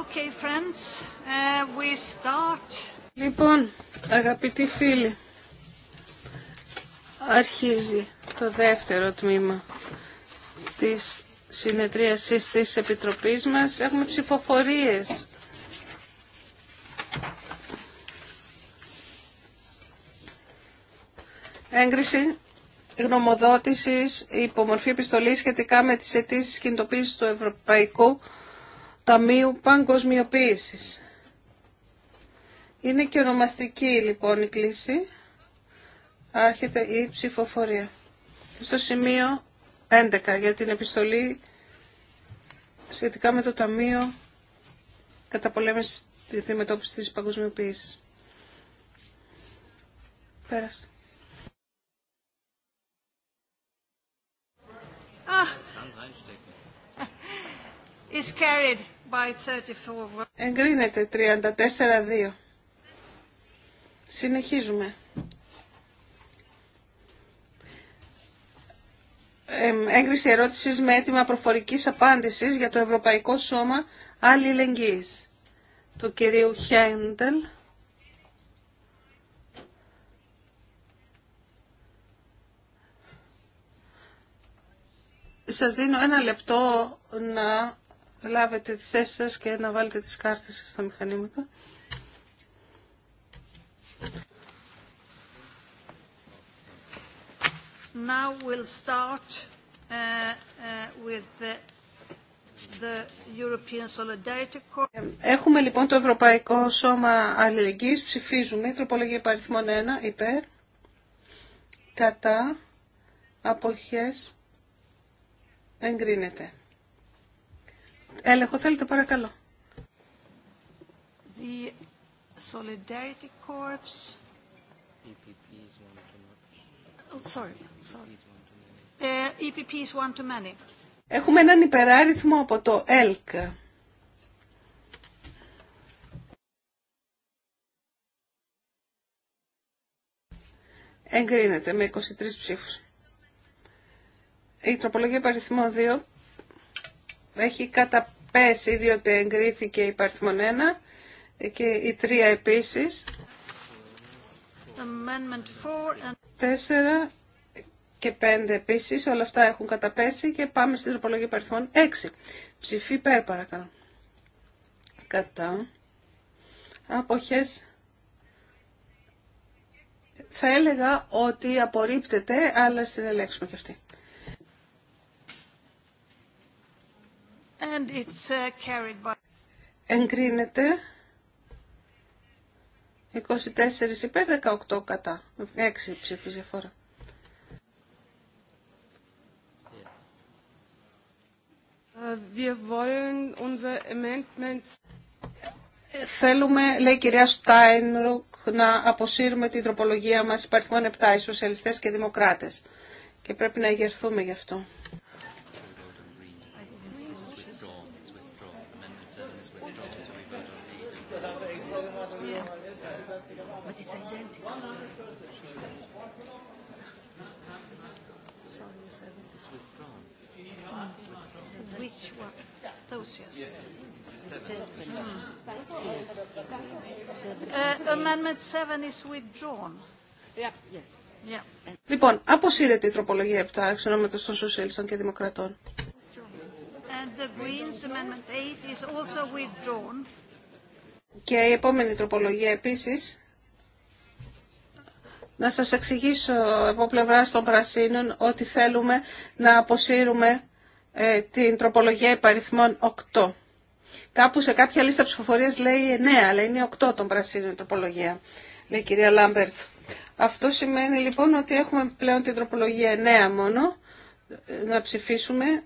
Okay, friends. Uh, we Λοιπόν, αγαπητοί φίλοι, αρχίζει το δεύτερο τμήμα της συνεδρίασης της Επιτροπής μας. Έχουμε ψηφοφορίες. Έγκριση γνωμοδότησης υπομορφή επιστολή σχετικά με τις αιτήσει κινητοποίησης του Ευρωπαϊκού Ταμείου Παγκοσμιοποίησης. Είναι και ονομαστική λοιπόν η κλίση. Άρχεται η ψηφοφορία. Στο σημείο 11 για την επιστολή σχετικά με το Ταμείο Καταπολέμησης τη αντιμετώπιση της παγκοσμιοποίησης. Πέρασε. Εγκρίνεται 34-2. Συνεχίζουμε. Έγκριση ερώτηση με αίτημα προφορικής απάντησης για το Ευρωπαϊκό Σώμα Αλληλεγγύη του κυρίου Χέντελ. Σας δίνω ένα λεπτό να λάβετε τις θέσεις σας και να βάλετε τις κάρτες σας στα μηχανήματα. Now we'll start uh, uh, with the, the European Solidarity Corps. Έχουμε λοιπόν το Ευρωπαϊκό Σώμα Αλληλεγγύης. Ψηφίζουμε τροπολογία παριθμών 1 υπέρ, κατά, αποχές, εγκρίνεται έλεγχο θέλετε παρακαλώ. The Solidarity Corps. E oh, sorry. sorry. Uh, EPP is one many. Έχουμε έναν υπεράριθμο από το ΕΛΚ. Εγκρίνεται με 23 ψήφους. Η τροπολογία παριθμό 2 έχει καταπέσει διότι εγκρίθηκε η παρθμονένα και η 3 επίσης. 4 και 5 επίσης, όλα αυτά έχουν καταπέσει και πάμε στην τροπολογία παρθμών 6. Ψηφί περ παρακαλώ. Κατά. Αποχές. Θα έλεγα ότι απορρίπτεται, αλλά στην ελέγξουμε και αυτή. Uh, Εγκρίνεται 24 υπέρ 18 κατά. Έξι διαφορά. Ε, Θέλουμε, λέει η κυρία Στάινρουκ, να αποσύρουμε την τροπολογία μας υπαριθμών 7, οι σοσιαλιστές και δημοκράτες. Και πρέπει να εγερθούμε γι' αυτό. Uh, λοιπόν, αποσύρεται η τροπολογία 7 εξ των Σοσιαλιστών και Δημοκρατών. Και η επόμενη τροπολογία επίσης. Να σας εξηγήσω από πλευρά των Πρασίνων ότι θέλουμε να αποσύρουμε ε, την τροπολογία υπαριθμών 8. Κάπου σε κάποια λίστα ψηφοφορίας λέει 9, ναι, αλλά είναι 8 των πρασίνων τροπολογία, λέει η κυρία Λάμπερτ. Αυτό σημαίνει λοιπόν ότι έχουμε πλέον την τροπολογία 9 μόνο ε, να ψηφίσουμε.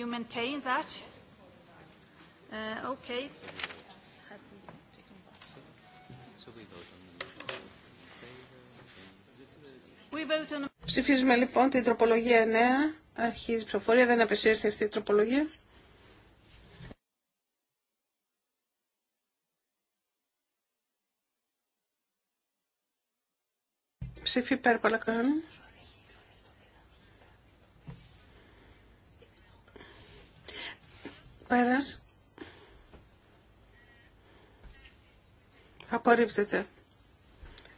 You maintain that. Uh, okay. We vote Ψηφίζουμε λοιπόν την τροπολογία 9. Αρχίζει η ψηφοφορία. Δεν απεσύρθη αυτή η τροπολογία. Ψήφι υπέρ παρακαλώ. Πέρας. Απορρίπτεται.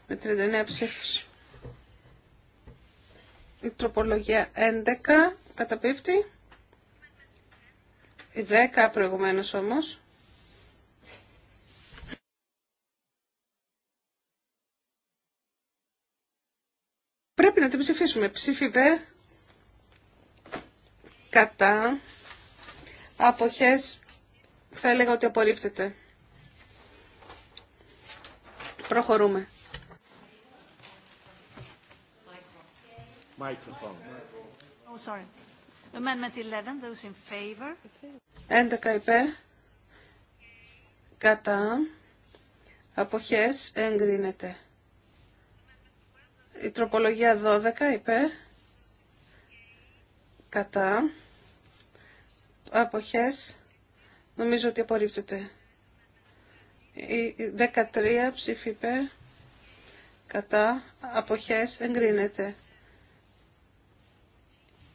Με 39 ψήφους. Η τροπολογία 11 καταπίπτει. Η 10 προηγουμένως όμως. Πρέπει να την ψηφίσουμε. Ψήφι κατά αποχές θα έλεγα ότι απορρίπτεται. Προχωρούμε. Microphone. 11, those in favor. 11 υπέρ. Κατά. Αποχές εγκρίνεται. Η τροπολογία 12 υπέρ. Κατά. Αποχές. Νομίζω ότι απορρίπτεται. Η 13 ψήφι υπέρ. Κατά. Αποχές εγκρίνεται.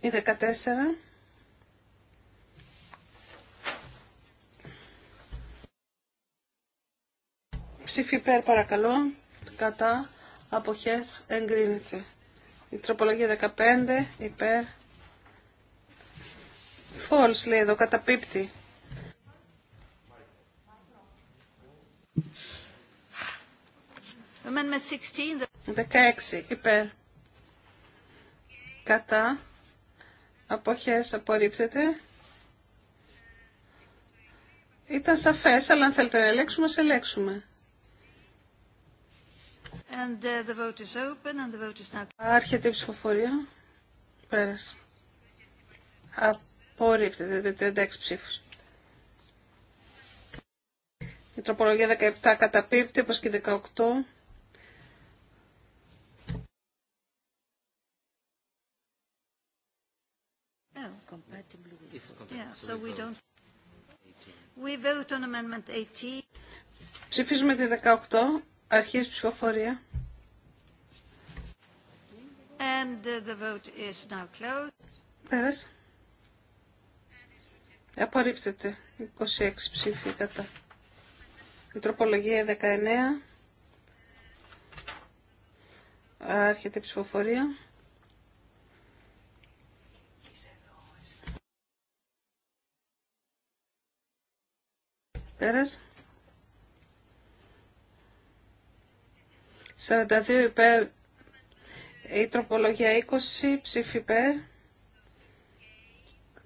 Η 14. Ψήφι υπέρ παρακαλώ. Κατά. Αποχές εγκρίνεται. Η τροπολογία 15 υπέρ. Φόλς λέει εδώ, καταπίπτει. Amendment 16. 16 υπέρ. Κατά αποχές απορρίπτεται. Ήταν σαφές, αλλά αν θέλετε να ελέγξουμε, σε ελέγξουμε. Άρχεται η ψηφοφορία. Πέρασε. Απορρίπτεται 36 ψήφους. Η τροπολογία 17 καταπίπτει, όπως και 18. Ψηφίζουμε τη 18. Αρχίζει ψηφοφορία. And uh, the vote is now closed. Πέρασε. Απορρίπτεται. 26 ψήφοι κατά. Η τροπολογία 19. Άρχεται η ψηφοφορία. 42 υπέρ. Η τροπολογία 20 ψήφι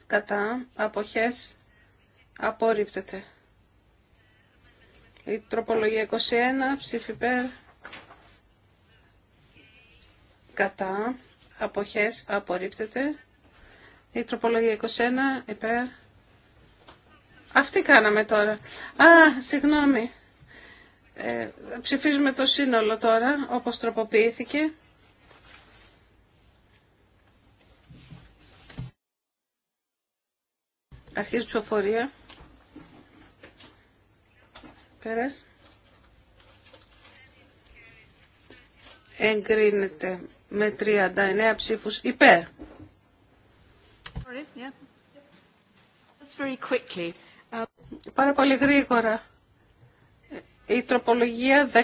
Κατά. Αποχές. Απορρίπτεται. Η τροπολογία 21 ψήφι Κατά. Αποχές. Απορρίπτεται. Η τροπολογία 21 υπέρ αυτή κάναμε τώρα. Α, συγγνώμη. Ε, ψηφίζουμε το σύνολο τώρα, όπως τροποποιήθηκε. Αρχίζει ψηφοφορία. Πέρας. Εγκρίνεται με 39 ψήφους υπέρ. yeah. very quickly. Πάρα πολύ γρήγορα. Η τροπολογία 19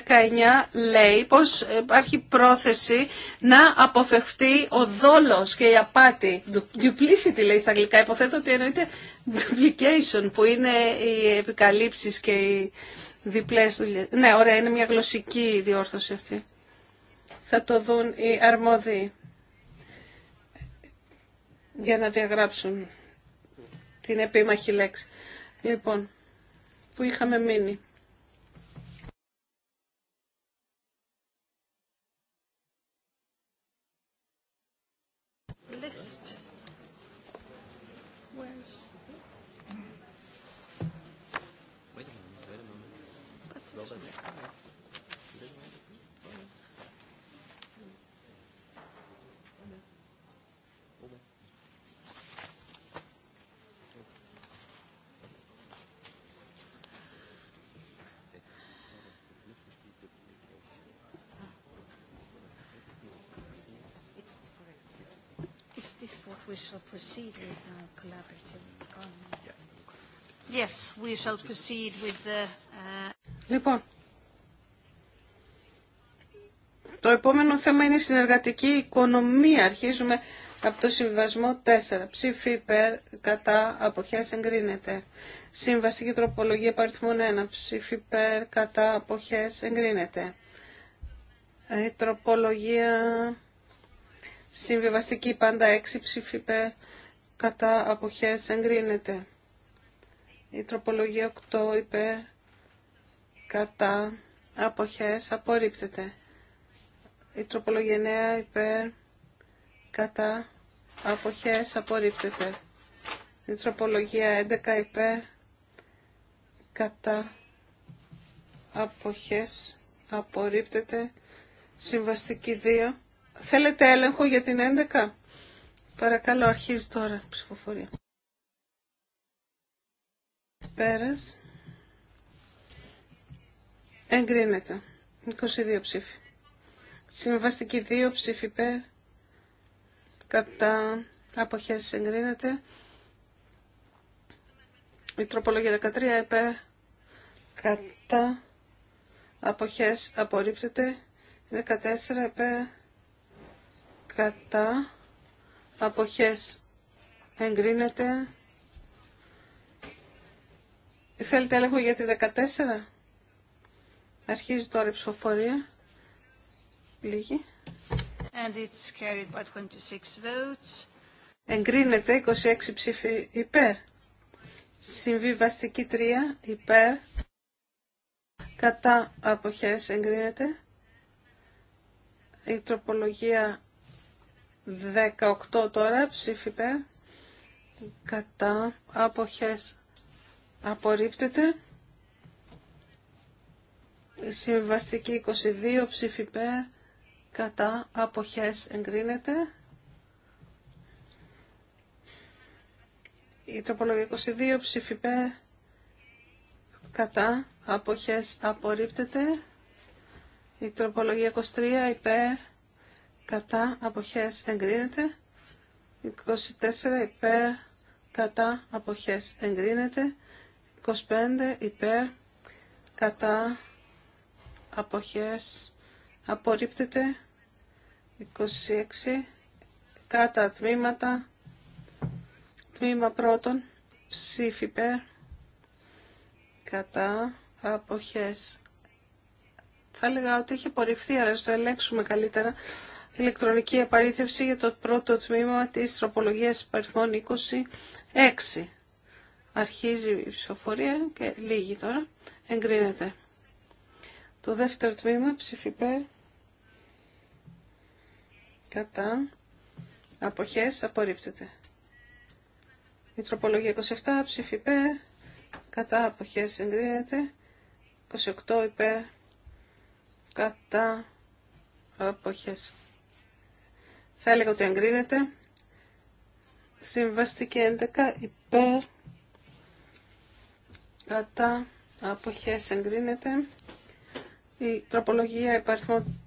λέει πως υπάρχει πρόθεση να αποφευχτεί ο δόλος και η απάτη. Duplicity λέει στα αγγλικά. Υποθέτω ότι εννοείται duplication που είναι οι επικαλύψεις και οι διπλές δουλειές. Ναι, ωραία, είναι μια γλωσσική διόρθωση αυτή. Θα το δουν οι αρμόδιοι για να διαγράψουν την επίμαχη λέξη. Λοιπόν, που είχαμε μείνει. proceed with our uh, collaborative Yes, we shall proceed with the... Uh, λοιπόν, το επόμενο θέμα είναι η συνεργατική οικονομία. Αρχίζουμε από το συμβιβασμό 4. Ψήφι υπέρ, κατά, αποχές εγκρίνεται. Συμβαστική τροπολογία παριθμών 1. Ψήφι υπέρ, κατά, αποχές εγκρίνεται. Ε, η τροπολογία Συμβιβαστική πάντα 6 ψήφι υπέρ κατά αποχές εγκρίνεται. Η τροπολογία 8 υπέρ κατά αποχές απορρίπτεται. Η τροπολογία 9 υπέρ κατά αποχές απορρίπτεται. Η τροπολογία 11 υπέρ κατά αποχές απορρίπτεται. Συμβαστική 2 Θέλετε έλεγχο για την 11. Παρακαλώ, αρχίζει τώρα η ψηφοφορία. Πέρας. Εγκρίνεται. 22 ψήφοι. Συμβαστική 2 ψήφοι πέρ. Κατά αποχές εγκρίνεται. Η τροπολογία 13 υπέρ. Κατά αποχές απορρίπτεται. 14 υπέρ κατά αποχές εγκρίνεται. Θέλετε έλεγχο για τη 14. Αρχίζει τώρα η ψηφοφορία. Λίγη. And it's carried by 26 votes. Εγκρίνεται 26 ψήφοι υπέρ. Συμβιβαστική 3 υπέρ. Κατά αποχές εγκρίνεται. Η τροπολογία 18 τώρα ψήφιπε κατά αποχές απορρίπτεται συμβαστική 22 ψήφιπε κατά αποχές εγκρίνεται η τροπολογία 22 ψήφιπε κατά αποχές απορρίπτεται η τροπολογία 23 υπέρ κατά αποχές εγκρίνεται 24 υπέρ κατά αποχές εγκρίνεται 25 υπέρ κατά αποχές απορρίπτεται 26 κατά τμήματα τμήμα πρώτον ψήφι υπέρ κατά αποχές θα έλεγα ότι έχει απορριφθεί αλλά θα ελέγξουμε καλύτερα ηλεκτρονική απαρίθευση για το πρώτο τμήμα της τροπολογίας παριθμών 26. Αρχίζει η ψηφοφορία και λίγη τώρα. Εγκρίνεται. Το δεύτερο τμήμα ψηφιπέ κατά αποχές απορρίπτεται. Η τροπολογία 27 ψηφιπέρ κατά αποχές εγκρίνεται. 28 υπέρ κατά αποχές θα έλεγα ότι εγκρίνεται. Συμβαστική 11 υπέρ κατά αποχές εγκρίνεται. Η τροπολογία υπάρχει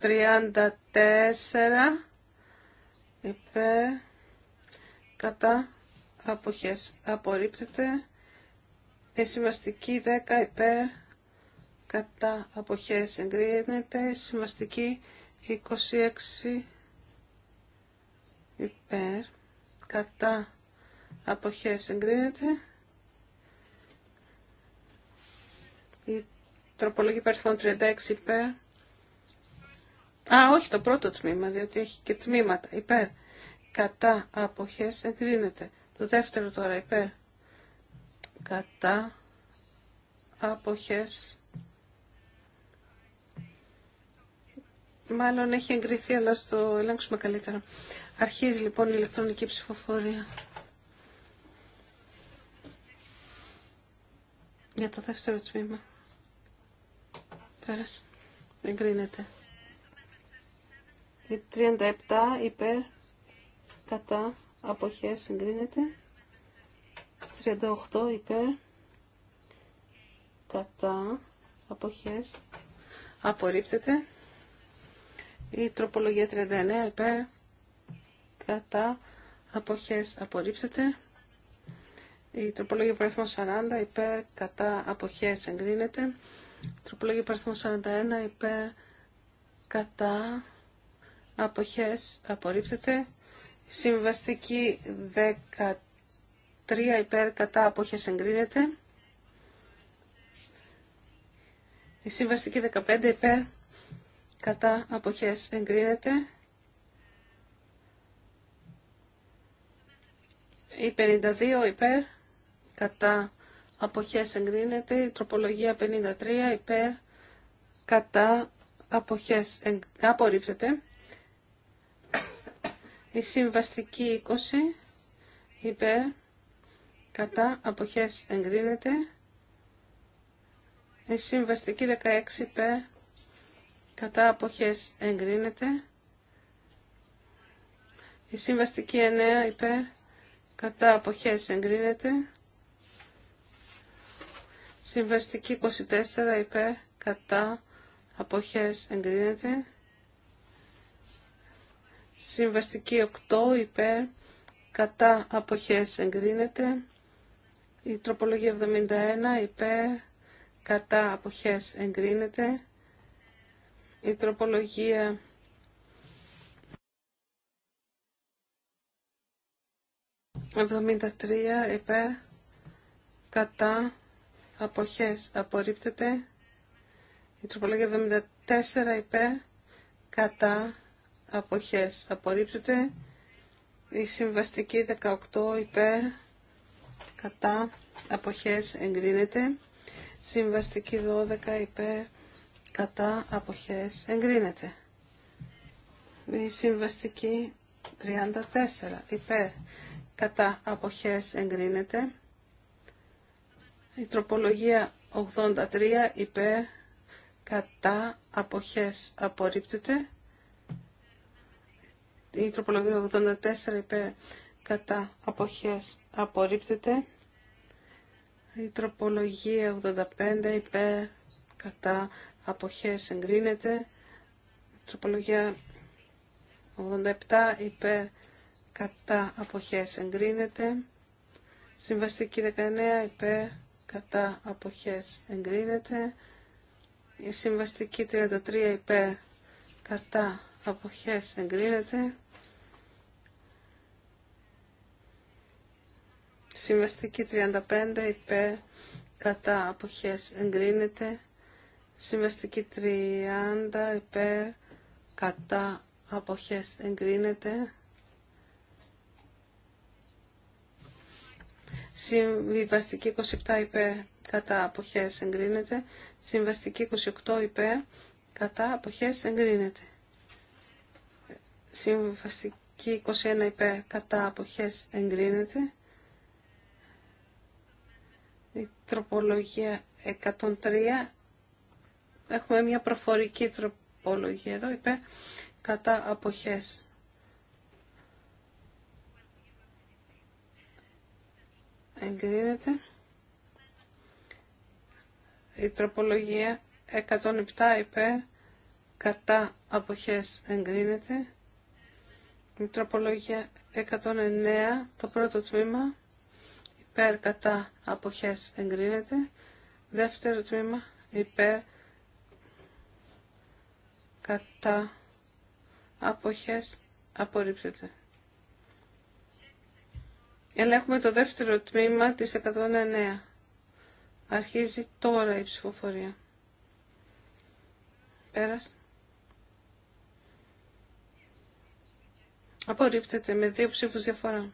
34 υπέρ κατά αποχές απορρίπτεται. Η συμβαστική 10 υπέρ κατά αποχές εγκρίνεται. Η συμβαστική 26 υπέρ, κατά, αποχές εγκρίνεται. Η τροπολογία υπερθών 36 υπέρ. Α, όχι το πρώτο τμήμα, διότι έχει και τμήματα. Υπέρ, κατά, αποχές εγκρίνεται. Το δεύτερο τώρα υπέρ, κατά, αποχές Μάλλον έχει εγκριθεί, αλλά στο ελέγξουμε καλύτερα. Αρχίζει λοιπόν η ηλεκτρονική ψηφοφορία. Για το δεύτερο τμήμα. Πέρασε. Εγκρίνεται. Η 37 υπέρ κατά αποχές συγκρίνεται. 38 υπέρ κατά αποχές απορρίπτεται. Η τροπολογία 39 υπέρ κατά αποχές απορρίπτεται. Η τροπολογία υπαριθμών 40 υπέρ κατά αποχές εγκρίνεται. Η τροπολογία 41 υπέρ κατά αποχές απορρίπτεται. Συμβαστική 13 υπέρ κατά αποχές εγκρίνεται. Η συμβαστική 15 υπέρ κατά αποχές εγκρίνεται. Η 52 υπέρ κατά αποχές εγκρίνεται. Η τροπολογία 53 υπέρ κατά αποχές εγ... απορρίπτεται. Η συμβαστική 20 υπέρ κατά αποχές εγκρίνεται. Η συμβαστική 16 υπέρ κατά αποχές εγκρίνεται. Η συμβαστική 9 υπέρ κατά αποχές εγκρίνεται. Συμβαστική 24 υπέρ κατά αποχές εγκρίνεται. Συμβαστική 8 υπέρ κατά αποχές εγκρίνεται. Η τροπολογία 71 υπέρ κατά αποχές εγκρίνεται. Η τροπολογία 73 υπέρ κατά αποχές απορρίπτεται. Η τροπολογία 74 υπέρ κατά αποχές απορρίπτεται. Η συμβαστική 18 υπέρ κατά αποχές εγκρίνεται. Συμβαστική 12 υπέρ κατά αποχές εγκρίνεται. Η συμβαστική 34 υπέρ κατά αποχές εγκρίνεται. Η τροπολογία 83 υπέρ κατά αποχές απορρίπτεται. Η τροπολογία 84 υπέρ κατά αποχές απορρίπτεται. Η τροπολογία 85 υπέρ κατά αποχές εγκρίνεται. Η τροπολογία 87 υπέρ κατά αποχές εγκρίνεται. Συμβαστική 19 υπέρ κατά αποχές εγκρίνεται. Η συμβαστική 33 υπέρ κατά αποχές εγκρίνεται. Συμβαστική 35 υπέρ κατά αποχές εγκρίνεται. Συμβαστική 30 υπέρ κατά αποχές εγκρίνεται. Συμβιβαστική 27 υπέρ κατά αποχές εγκρίνεται. Συμβαστική 28 υπέρ κατά αποχές εγκρίνεται. Συμβαστική 21 υπέρ κατά αποχές εγκρίνεται. Η τροπολογία 103. Έχουμε μια προφορική τροπολογία εδώ υπε κατά αποχές εγκρίνεται. Η τροπολογία 107 υπέρ κατά αποχές εγκρίνεται. Η τροπολογία 109 το πρώτο τμήμα υπέρ κατά αποχές εγκρίνεται. Δεύτερο τμήμα υπέρ κατά αποχές απορρίπτεται. Ελέγχουμε το δεύτερο τμήμα της 109. Αρχίζει τώρα η ψηφοφορία. Πέρας. Απορρίπτεται με δύο ψήφους διαφορά.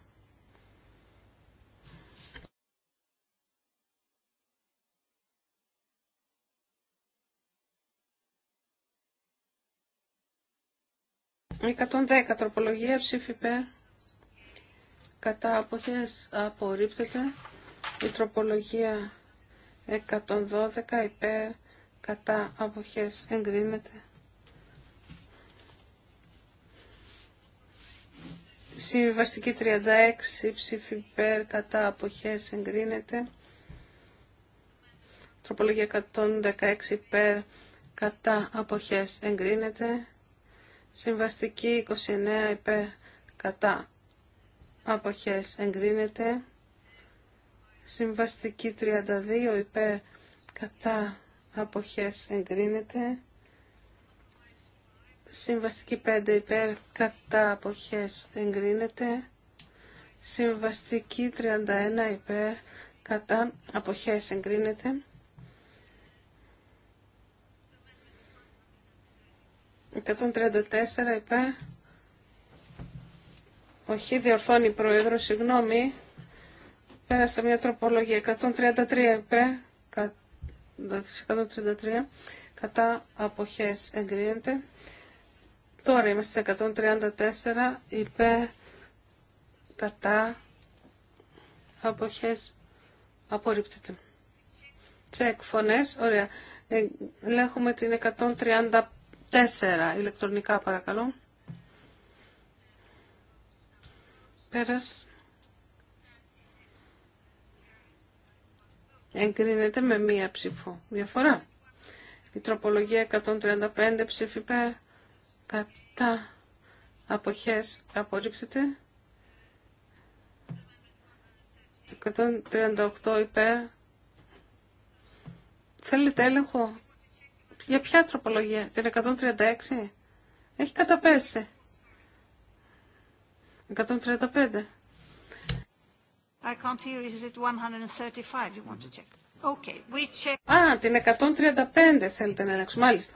Η 110 τροπολογία ψήφι κατά αποχές απορρίπτεται η τροπολογία 112 υπέρ κατά αποχές εγκρίνεται Συμβιβαστική 36 ψήφι υπέρ κατά αποχές εγκρίνεται Τροπολογία 116 υπέρ κατά αποχές εγκρίνεται Συμβαστική 29 υπέρ κατά αποχές εγκρίνεται. Συμβαστική 32 υπέρ κατά αποχές εγκρίνεται. Συμβαστική 5 υπέρ κατά αποχές εγκρίνεται. Συμβαστική 31 υπέρ κατά αποχές εγκρίνεται. Εκατόν υπέρ όχι, διορθώνει η Πρόεδρο, συγγνώμη. Πέρασα μια τροπολογία. 133 επέ, 133, κατά αποχές εγκρίνεται. Τώρα είμαστε σε 134 είπε κατά αποχές απορρίπτεται. Τσεκ φωνές, ωραία. Ε, ελέγχουμε την 134 ηλεκτρονικά παρακαλώ. Πέρας. Εγκρίνεται με μία ψήφο. Διαφορά. Η τροπολογία 135 ψήφι πέ, κατά αποχές απορρίπτεται. 138 υπέρ. Θέλετε έλεγχο. Για ποια τροπολογία, την 136. Έχει καταπέσει. 135. I can't hear. Is it 135 you want to check? Okay, we check. Α, την 135 θέλετε να ελέγξουμε. Μάλιστα.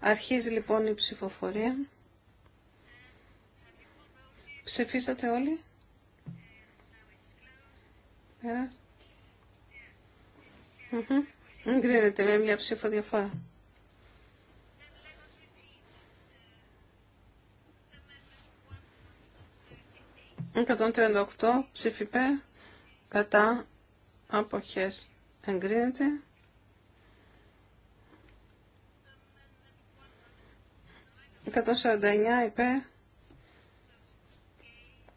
Αρχίζει λοιπόν η ψηφοφορία. Ψηφίσατε όλοι. Πέρας. Yeah. Mm -hmm εγκρίνεται με μια ψήφο διαφορά. ψήφι πέ, κατά αποχές εγκρίνεται. 149 υπέρ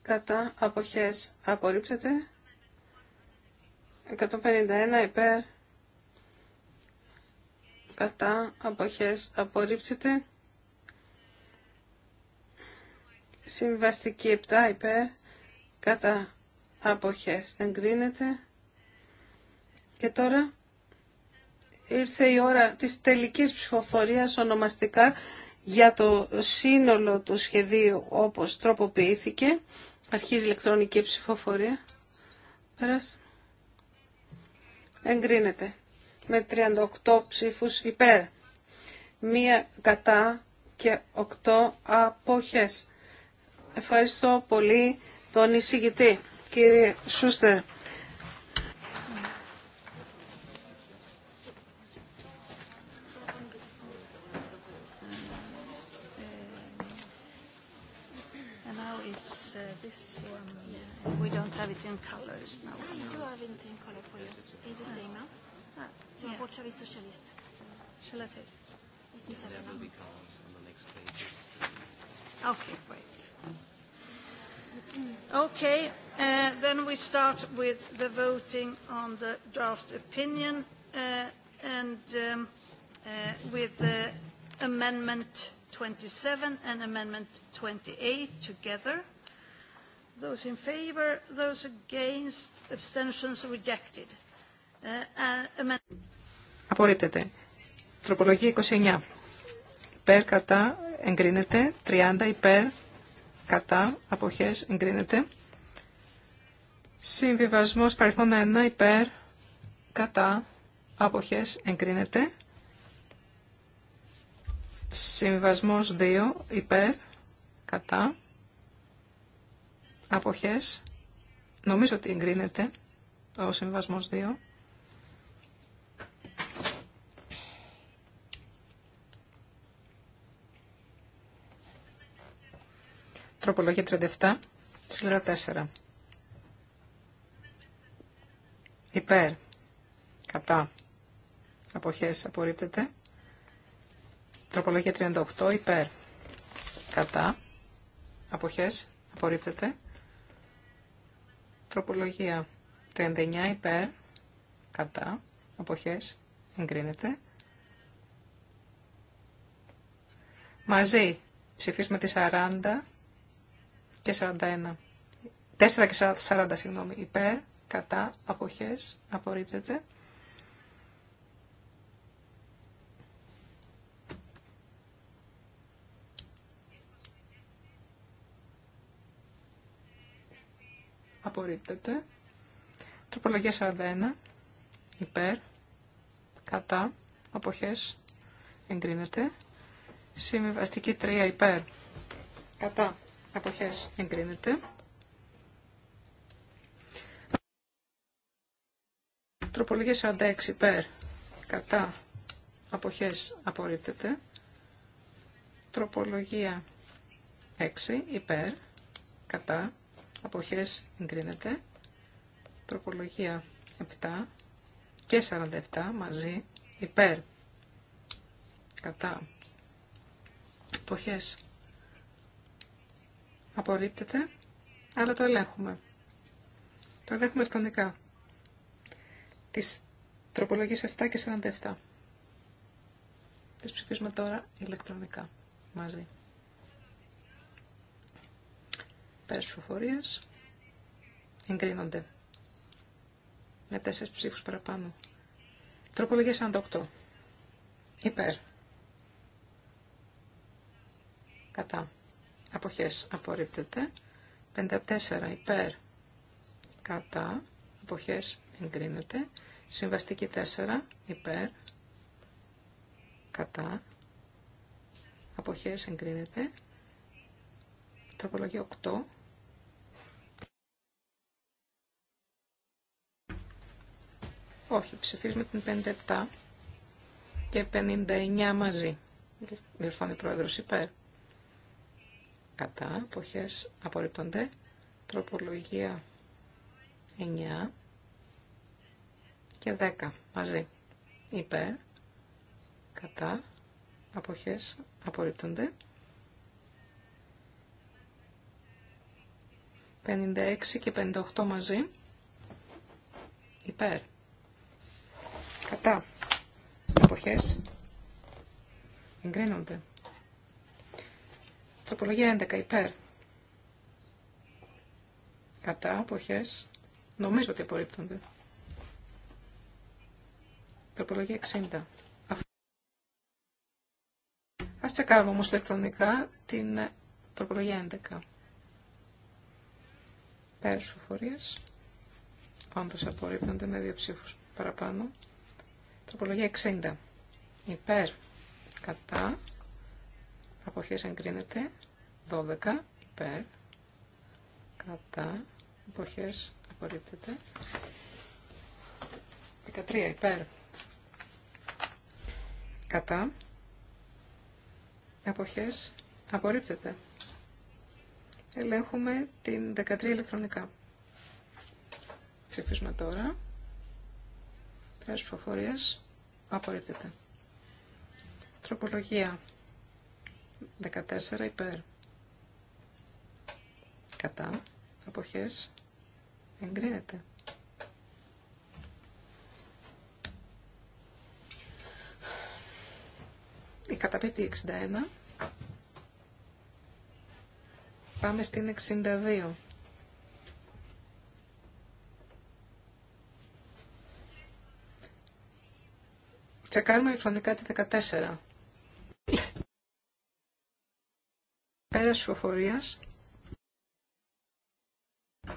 κατά αποχές απορρίπτεται 151 υπέρ κατά αποχές απορρίψετε. Συμβαστική επτά υπέρ κατά αποχές εγκρίνεται. Και τώρα ήρθε η ώρα της τελικής ψηφοφορίας ονομαστικά για το σύνολο του σχεδίου όπως τροποποιήθηκε. Αρχίζει ηλεκτρονική ψηφοφορία. Πέρας Εγκρίνεται με 38 ψήφους υπέρ, μία κατά και 8 αποχές. Ευχαριστώ πολύ τον εισηγητή, κύριε Σούστερ. Uh, We don't have it in colors now. You have it in color for you. Is it same now? Ah. Yeah. socialist. Shall I take? Okay, great. Okay, then we start with the voting on the draft opinion and with the Amendment 27 and Amendment 28 together. Those in favor, those against, abstentions rejected. Amendment Απορρίπτεται. Τροπολογία 29. Υπέρ κατά εγκρίνεται. 30 υπέρ κατά αποχές εγκρίνεται. Συμβιβασμός παρελθόν 1 υπέρ κατά αποχές εγκρίνεται. Συμβιβασμός 2 υπέρ κατά αποχές νομίζω ότι εγκρίνεται ο συμβιβασμός 2. Τροπολογία 37, σελίδα 4. Υπέρ. Κατά. Αποχές απορρίπτεται. Τροπολογία 38, υπέρ. Κατά. Αποχές απορρίπτεται. Τροπολογία 39, υπέρ. Κατά. Αποχές εγκρίνεται. Μαζί ψηφίσουμε τη 40 και 41. 4 και 40, συγγνώμη, υπέρ, κατά, αποχές, απορρίπτεται. Απορρίπτεται. Τροπολογία 41, υπέρ, κατά, αποχές, εγκρίνεται. Συμβιβαστική 3 υπέρ, κατά, αποχές εγκρίνεται. Τροπολογία 46 υπέρ κατά αποχές απορρίπτεται. Τροπολογία 6 υπέρ κατά αποχές εγκρίνεται. Τροπολογία 7 και 47 μαζί υπέρ κατά αποχές Απορρίπτεται, αλλά το ελέγχουμε. Το ελέγχουμε ηλεκτρονικά Τις τροπολογίες 7 και 47. Τις ψηφίζουμε τώρα ηλεκτρονικά μαζί. Πέρας ψηφοφορίας. Εγκρίνονται. Με τέσσερις ψήφους παραπάνω. Τροπολογία 48. Υπέρ. Κατά αποχές απορρίπτεται. 54 υπέρ κατά αποχές εγκρίνεται. Συμβαστική 4 υπέρ κατά αποχές εγκρίνεται. Τροπολογία 8 Όχι, ψηφίζουμε την 57 και 59 μαζί. Διορθώνει πρόεδρος υπέρ κατά, εποχές απορρίπτονται. Τροπολογία 9 και 10 μαζί. Υπέρ, κατά, αποχές απορρίπτονται. 56 και 58 μαζί. Υπέρ. Κατά. Εποχές. Εγκρίνονται. Τροπολογία 11 υπέρ. Κατά αποχές. Νομίζω ότι απορρίπτονται. Τροπολογία 60. Ας τσεκάρουμε όμως ηλεκτρονικά την ε, τροπολογία 11. Πέρας ψηφοφορίας. Όντως απορρίπτονται με δύο ψήφους παραπάνω. Τροπολογία 60. Υπέρ. Κατά. Αποχές εγκρίνεται. 12 υπέρ κατά εποχές απορρίπτεται 13 υπέρ κατά εποχές απορρίπτεται ελέγχουμε την 13 ηλεκτρονικά ψηφίσουμε τώρα πέρας ψηφοφορίας απορρίπτεται τροπολογία 14 υπέρ κατά αποχές εγκρίνεται. Η καταπίπτει 61. Πάμε στην 62. Τσεκάρουμε φωνικά τη 14. τη φοφορία,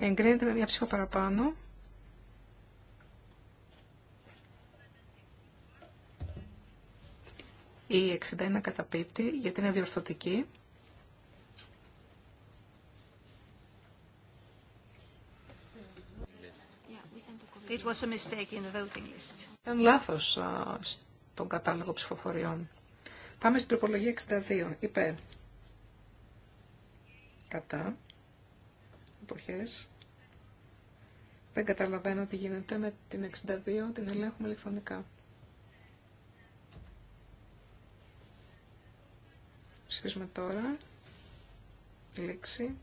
Εγκρίνεται με μια ψήφο παραπάνω. ή 61 καταπίπτει γιατί είναι διορθωτική. Ήταν λάθος στον κατάλογο ψηφοφοριών. Πάμε στην τροπολογία 62. Υπέρ. Κατά. Εποχές. Δεν καταλαβαίνω τι γίνεται με την 62, την ελέγχουμε ηλεκτρονικά. Ψηφίζουμε τώρα. Λήξη.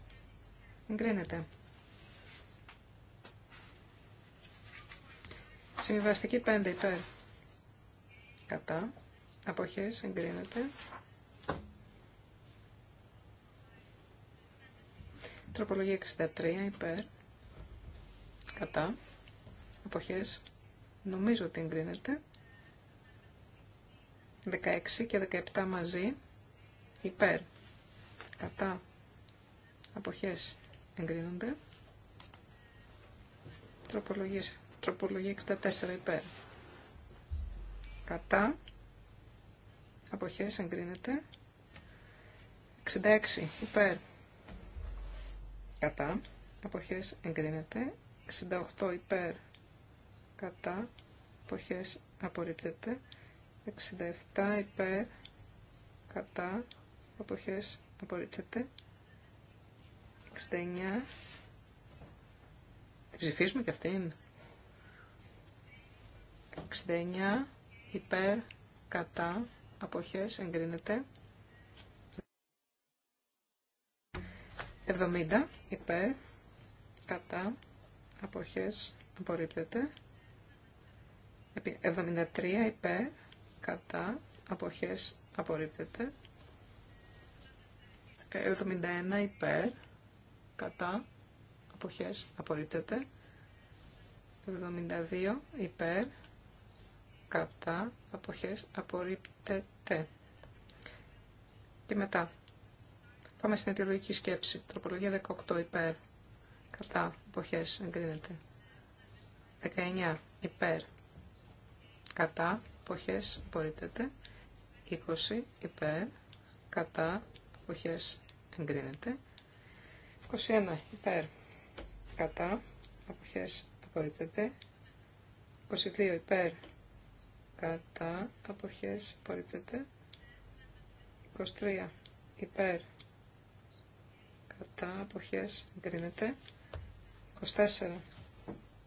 Εγκρίνεται. Συμβιβαστική 5 υπέρ. Κατά. Αποχές. Εγκρίνεται. Τροπολογία 63 υπέρ. Κατά. Αποχές. Νομίζω ότι εγκρίνεται. 16 και 17 μαζί. Υπέρ. Κατά. Αποχές. Εγκρίνονται. Τροπολογίες. Τροπολογία 64 υπέρ. Κατά. Αποχές εγκρίνεται. 66 υπέρ. Κατά. Αποχές εγκρίνεται. 68 υπέρ κατά εποχές απορρίπτεται 67 υπέρ κατά εποχές απορρίπτεται 69 ψηφίσουμε και αυτήν 69 υπέρ κατά αποχές εγκρίνεται 70 υπέρ κατά αποχές απορρίπτεται. 73 υπέρ κατά αποχές απορρίπτεται. 71 ε, υπέρ κατά αποχές απορρίπτεται. 72 υπέρ κατά αποχές απορρίπτεται. Και μετά. Πάμε στην αιτιολογική σκέψη. Τροπολογία 18 υπέρ Κατά. Εποχές. Εγκρίνεται. 19. Υπέρ. Κατά. Εποχές. Απορρίπτεται. 20. Υπέρ. Κατά. Εποχές. Εγκρίνεται. 21. Υπέρ. Κατά. εποχές Απορρίπτεται. 22. Υπέρ. Κατά. Αποχές. Απορρίπτεται. 23. Υπέρ. Κατά. εποχές Εγκρίνεται. 24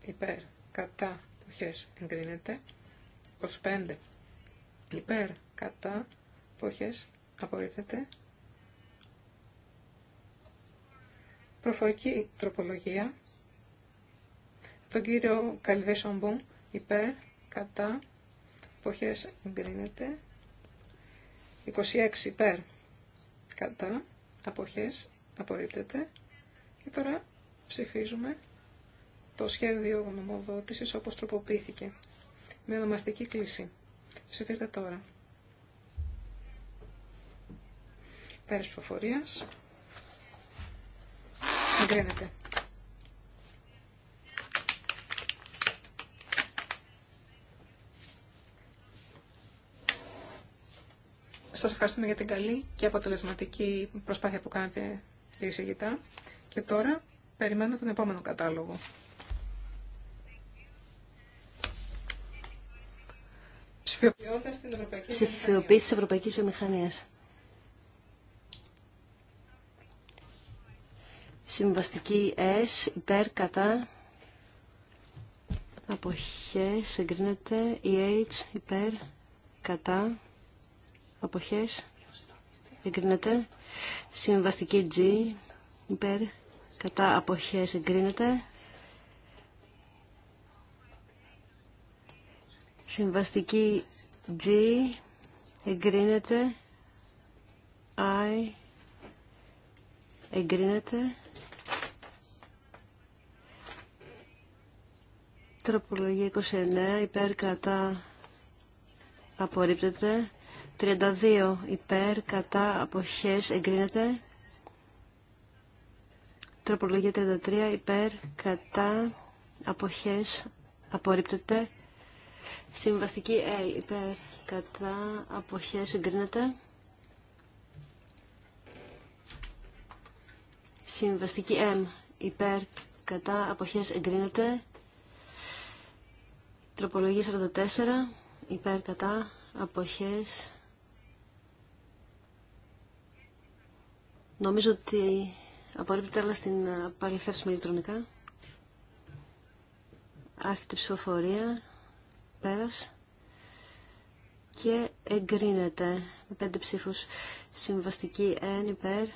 υπέρ κατά αποχές εγκρίνεται. 25 υπέρ κατά αποχές απορρίπτεται. Προφορική τροπολογία. Τον κύριο Καλβέ υπέρ κατά αποχές εγκρίνεται. 26 υπέρ κατά αποχές απορρίπτεται. Και τώρα Ψηφίζουμε το σχέδιο γνωμοδότησης όπως τροποποιήθηκε. Με ονομαστική κλίση. Ψηφίστε τώρα. Πέρας προφορίας. Εγκρίνεται. Σας ευχαριστούμε για την καλή και αποτελεσματική προσπάθεια που κάνετε, κύριε Και τώρα Περιμένω τον επόμενο κατάλογο. Ψηφιοποίηση της Ευρωπαϊκής Βιομηχανίας. Συμβαστική S, υπέρ, κατά, αποχές, εγκρίνεται, η Ει-Ειτς υπέρ, κατά, αποχές, εγκρίνεται, συμβαστική G, υπέρ, κατά αποχές εγκρίνεται. Συμβαστική G εγκρίνεται. I εγκρίνεται. Τροπολογία 29 υπέρ κατά απορρίπτεται. 32 υπέρ κατά αποχές εγκρίνεται. Τροπολογία 33 υπέρ κατά αποχές απορρίπτεται. Συμβαστική A υπέρ κατά αποχές εγκρίνεται. Συμβαστική M υπέρ κατά αποχές εγκρίνεται. Τροπολογία 44 υπέρ κατά αποχές Νομίζω ότι Απορρίπτεται, αλλά στην με ηλεκτρονικά. Άρχεται ψηφοφορία. Πέρας. Και εγκρίνεται με πέντε ψήφους συμβαστική εν υπέρ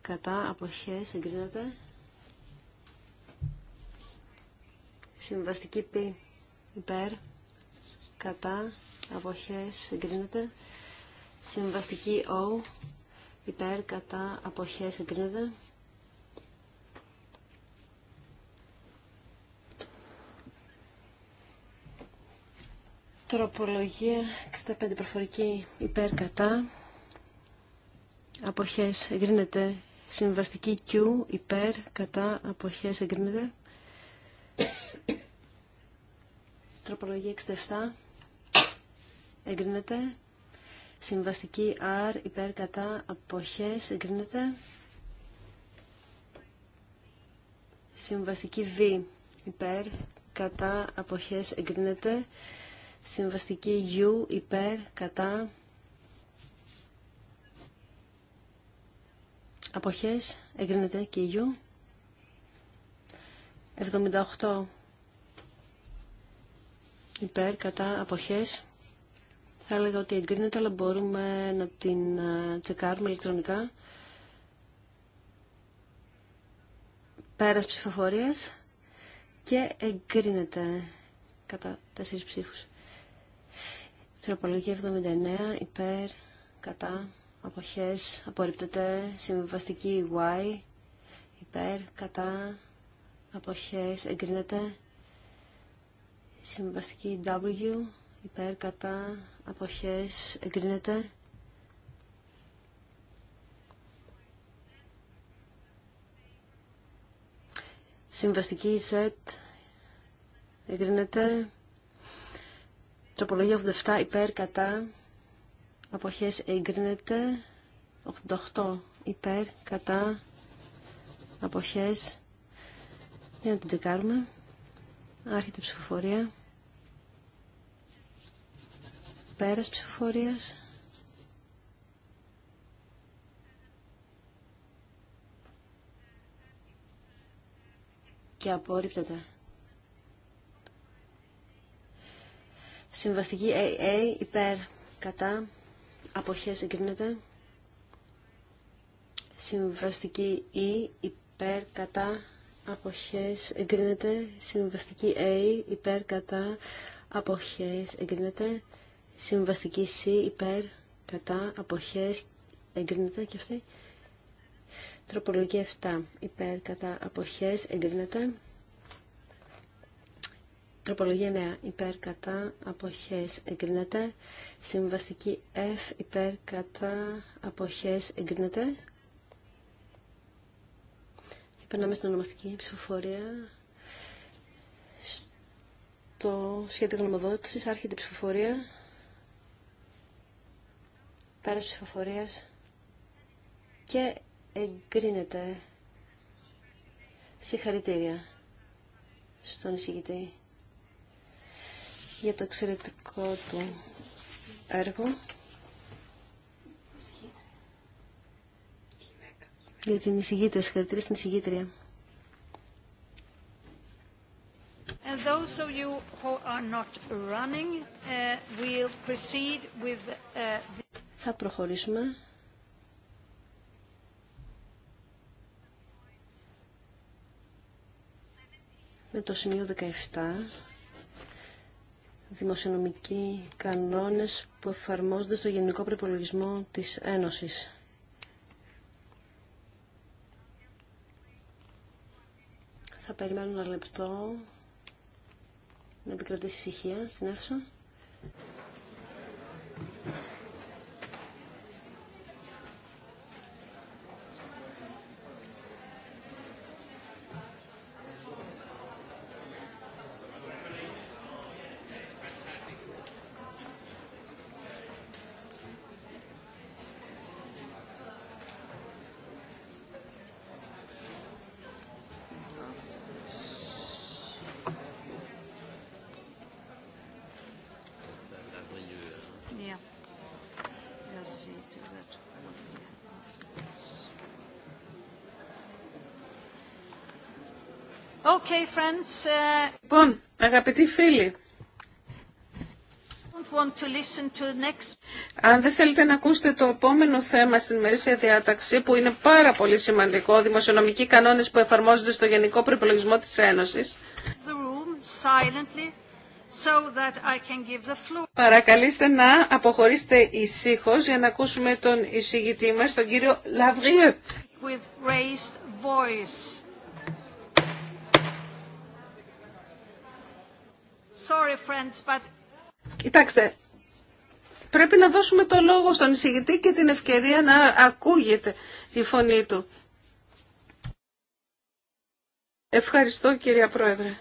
κατά αποχές εγκρίνεται. Συμβαστική π υπέρ κατά αποχές εγκρίνεται. Συμβαστική O υπέρ κατά αποχές εγκρίνεται. Τροπολογία 65 προφορική υπέρ κατά. Αποχές εγκρίνεται. Συμβαστική Q υπέρ κατά αποχές εγκρίνεται. Τροπολογία 67 εγκρίνεται. Συμβαστική R υπέρ κατά αποχές εγκρίνεται. Συμβαστική V υπέρ κατά αποχές εγκρίνεται. Συμβαστική U υπέρ κατά αποχές εγκρίνεται και U. 78 υπέρ κατά αποχές θα έλεγα ότι εγκρίνεται αλλά μπορούμε να την ε, τσεκάρουμε ηλεκτρονικά πέρας ψηφοφορίας και εγκρίνεται κατά τέσσερις ψήφους Τροπολογία 79 υπέρ κατά αποχές απορρίπτεται. Συμβιβαστική Y υπέρ κατά αποχές εγκρίνεται. Συμβιβαστική W υπέρ κατά αποχές εγκρίνεται. Συμβαστική Z εγκρίνεται Τροπολογία 87 υπέρ κατά αποχές εγκρίνεται. 88 υπέρ κατά αποχές. Για να την τσεκάρουμε. Άρχεται η ψηφοφορία. Πέρας ψηφοφορίας. Και απορρίπτεται. Συμβαστική AA υπέρ κατά αποχές εγκρίνεται. Συμβαστική E υπέρ κατά αποχές εγκρίνεται. Συμβαστική A υπέρ κατά αποχές εγκρίνεται. Συμβαστική C υπέρ κατά αποχές εγκρίνεται και αυτή. Τροπολογία 7 υπέρ κατά αποχές εγκρίνεται. Τροπολογία 9. Υπέρ κατά αποχές εγκρίνεται. Συμβαστική F. Υπέρ κατά αποχές εγκρίνεται. Και περνάμε στην ονομαστική ψηφοφορία. Στο σχέδιο γνωμοδότησης άρχεται η ψηφοφορία. Πέρας ψηφοφορίας. Και εγκρίνεται. Συγχαρητήρια στον εισηγητή για το εξαιρετικό του έργο. Για την εισηγήτρια, συγχαρητήρια στην εισηγήτρια. And those of you who are not running, uh, we'll proceed with, uh, Θα προχωρήσουμε. Με το σημείο 17 δημοσιονομικοί κανόνες που εφαρμόζονται στο Γενικό Προπολογισμό της Ένωσης. Θα περιμένω ένα λεπτό να επικρατήσει ησυχία στην αίθουσα. Okay, friends. Uh, λοιπόν, αγαπητοί φίλοι, to to next... Αν δεν θέλετε να ακούσετε το επόμενο θέμα στην μερίσια διάταξη, που είναι πάρα πολύ σημαντικό, δημοσιονομικοί κανόνες που εφαρμόζονται στο Γενικό Προϋπολογισμό της Ένωσης, so παρακαλείστε να αποχωρήσετε ησύχως για να ακούσουμε τον εισηγητή μας, τον κύριο Λαβριέ. sorry, friends, but... Κοιτάξτε, πρέπει να δώσουμε το λόγο στον εισηγητή και την ευκαιρία να ακούγεται η φωνή του. Ευχαριστώ κυρία Πρόεδρε.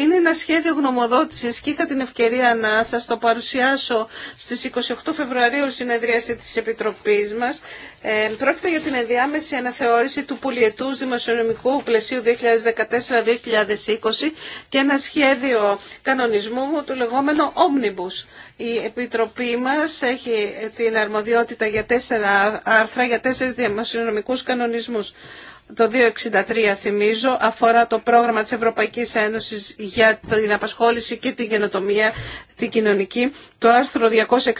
Είναι ένα σχέδιο γνωμοδότησης και είχα την ευκαιρία να σας το παρουσιάσω στις 28 Φεβρουαρίου συνεδρίαση της Επιτροπής μας. Ε, πρόκειται για την ενδιάμεση αναθεώρηση του πολιετούς δημοσιονομικού πλαισίου 2014-2020 και ένα σχέδιο κανονισμού του λεγόμενου Omnibus. Η Επιτροπή μας έχει την αρμοδιότητα για τέσσερα άρθρα, για τέσσερις δημοσιονομικούς κανονισμούς. Το 263 θυμίζω αφορά το πρόγραμμα της Ευρωπαϊκής Ένωσης για την απασχόληση και την καινοτομία, την κοινωνική. Το άρθρο 266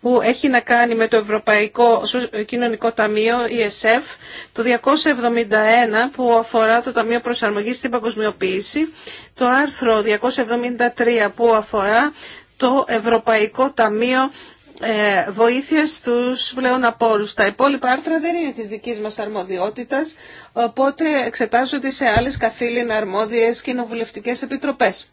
που έχει να κάνει με το Ευρωπαϊκό Κοινωνικό Ταμείο, ESF, το 271 που αφορά το Ταμείο Προσαρμογής στην Παγκοσμιοποίηση, το άρθρο 273 που αφορά το Ευρωπαϊκό Ταμείο ε, βοήθεια στους πλέον απόρους. Τα υπόλοιπα άρθρα δεν είναι της δικής μας αρμοδιότητας, οπότε εξετάζονται σε άλλες καθήλυνα αρμόδιες κοινοβουλευτικές επιτροπές.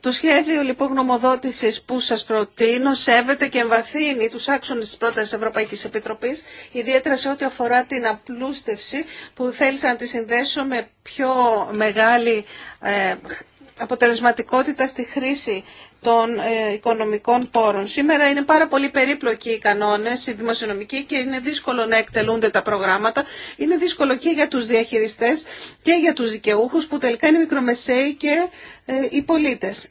Το σχέδιο λοιπόν γνωμοδότησης που σας προτείνω σέβεται και εμβαθύνει τους άξονες της πρότασης Ευρωπαϊκής Επιτροπής, ιδιαίτερα σε ό,τι αφορά την απλούστευση που θέλησα να τη συνδέσω με πιο μεγάλη ε, αποτελεσματικότητα στη χρήση των ε, οικονομικών πόρων. Σήμερα είναι πάρα πολύ περίπλοκοι οι κανόνες, οι δημοσιονομικοί και είναι δύσκολο να εκτελούνται τα προγράμματα. Είναι δύσκολο και για τους διαχειριστές και για τους δικαιούχους που τελικά είναι μικρομεσαίοι και ε, οι πολίτες.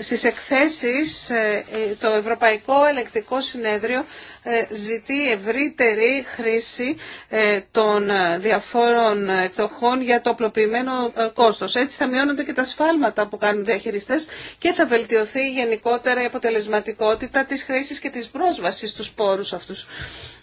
Στις εκθέσεις ε, το Ευρωπαϊκό Ελεκτικό Συνέδριο ε, ζητεί ευρύτερη χρήση ε, των ε, διαφόρων εκδοχών για το απλοποιημένο κόστος. Έτσι θα μειώνονται και τα σφάλματα που κάνουν οι διαχειριστές και θα βελτιωθεί γενικότερα η αποτελεσματικότητα της χρήσης και της πρόσβασης στους πόρους αυτούς.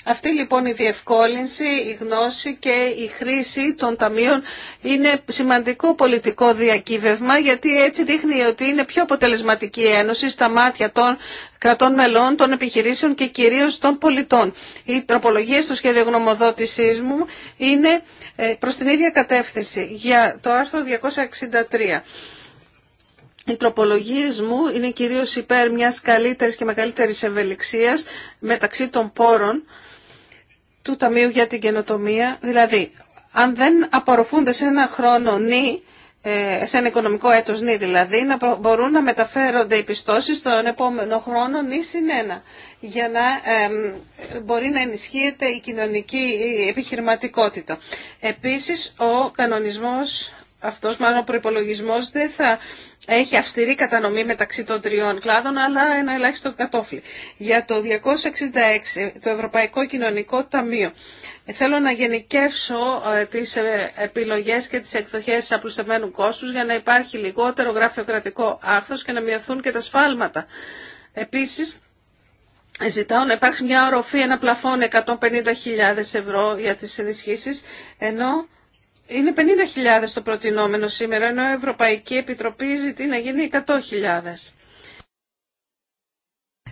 Αυτή λοιπόν η διευκόλυνση, η γνώση και η χρήση των ταμείων είναι σημαντικό πολιτικό διακύβευμα γιατί έτσι δείχνει ότι είναι πιο αποτελεσματική η Ένωση στα μάτια των κρατών μελών, των επιχειρήσεων και κυρίως των πολιτών. Οι τροπολογίε στο σχέδιο γνωμοδότησή μου είναι ε, προ την ίδια κατεύθυνση για το άρθρο 263. Οι τροπολογίε μου είναι κυρίω υπέρ μια καλύτερη και μεγαλύτερη ευελιξία μεταξύ των πόρων του Ταμείου για την Καινοτομία. Δηλαδή, αν δεν απορροφούνται σε ένα χρόνο νη, ε, σε ένα οικονομικό έτος νη δηλαδή, να μπορούν να μεταφέρονται οι πιστώσεις στον επόμενο χρόνο νη συνένα για να μπορεί να ενισχύεται η κοινωνική επιχειρηματικότητα. Επίσης, ο κανονισμός αυτός, μάλλον ο προϋπολογισμός, δεν θα έχει αυστηρή κατανομή μεταξύ των τριών κλάδων, αλλά ένα ελάχιστο κατόφλι. Για το 266, το Ευρωπαϊκό Κοινωνικό Ταμείο, θέλω να γενικεύσω ε, τις ε, επιλογές και τις εκδοχές απλουστευμένου κόστους για να υπάρχει λιγότερο γραφειοκρατικό άχθος και να μειωθούν και τα σφάλματα. Επίσης, Ζητάω να υπάρξει μια οροφή, ένα πλαφόν 150.000 ευρώ για τις ενισχύσεις, ενώ είναι 50.000 το προτινόμενο σήμερα, ενώ η Ευρωπαϊκή Επιτροπή ζητεί να γίνει 100.000.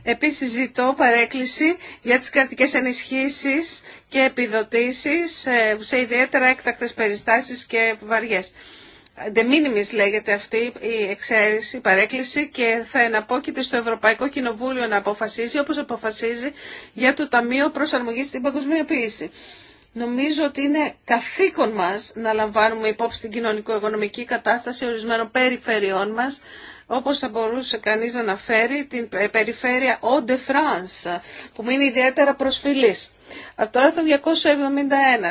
Επίσης ζητώ παρέκκληση για τις κρατικές ενισχύσεις και επιδοτήσεις ε, σε ιδιαίτερα έκτακτες περιστάσεις και βαριές. De minimis λέγεται αυτή η εξαίρεση, η παρέκκληση και θα εναπόκειται στο Ευρωπαϊκό Κοινοβούλιο να αποφασίζει όπως αποφασίζει για το Ταμείο Προσαρμογής στην Παγκοσμιοποίηση. Νομίζω ότι είναι καθήκον μας να λαμβάνουμε υπόψη την κοινωνικο-οικονομική κατάσταση ορισμένων περιφερειών μας όπως θα μπορούσε κανείς να αναφέρει, την περιφέρεια Eau de France, που είναι ιδιαίτερα προσφυλής. Από το άρθρο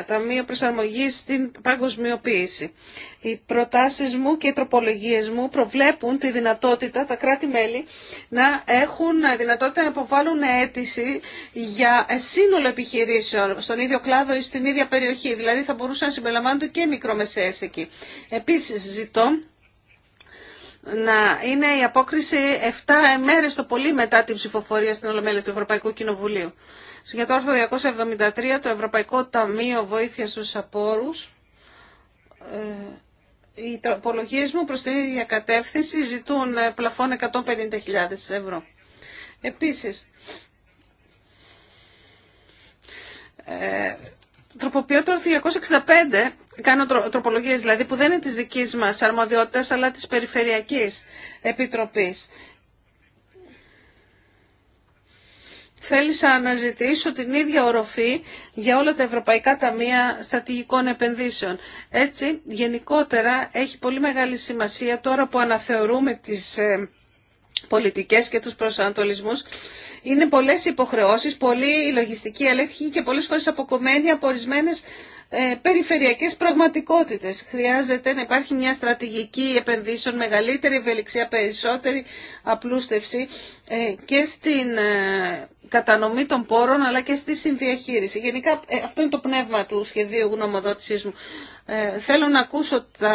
271, Ταμείο προσαρμογή στην Παγκοσμιοποίηση. Οι προτάσεις μου και οι τροπολογίες μου προβλέπουν τη δυνατότητα, τα κράτη-μέλη, να έχουν δυνατότητα να αποβάλουν αίτηση για σύνολο επιχειρήσεων στον ίδιο κλάδο ή στην ίδια περιοχή. Δηλαδή θα μπορούσαν να συμπεριλαμβάνονται και μικρομεσαίες εκεί. Επίση, ζητώ να είναι η απόκριση 7 μέρε το πολύ μετά την ψηφοφορία στην Ολομέλεια του Ευρωπαϊκού Κοινοβουλίου. Για το άρθρο 273 το Ευρωπαϊκό Ταμείο Βοήθειας στους Απόρους ε, οι τροπολογίε μου προς την ίδια κατεύθυνση ζητούν ε, πλαφόν 150.000 ευρώ. Επίσης, ε, τροποποιώ το 265, κάνω τροπολογίες δηλαδή που δεν είναι της δικής μας αρμοδιότητας αλλά της Περιφερειακής Επιτροπής. Θέλησα να ζητήσω την ίδια οροφή για όλα τα ευρωπαϊκά ταμεία στρατηγικών επενδύσεων. Έτσι, γενικότερα, έχει πολύ μεγάλη σημασία τώρα που αναθεωρούμε τις ε, πολιτικές και τους προσανατολισμούς. Είναι πολλές υποχρεώσεις, πολλή η λογιστική και πολλές φορές αποκομμένοι από ορισμένες ε, περιφερειακές πραγματικότητες. Χρειάζεται να υπάρχει μια στρατηγική επενδύσεων, μεγαλύτερη ευελιξία, περισσότερη απλούστευση ε, και στην ε, κατανομή των πόρων αλλά και στη συνδιαχείριση. Γενικά ε, αυτό είναι το πνεύμα του σχεδίου γνωμοδότησής μου. Ε, θέλω να ακούσω τα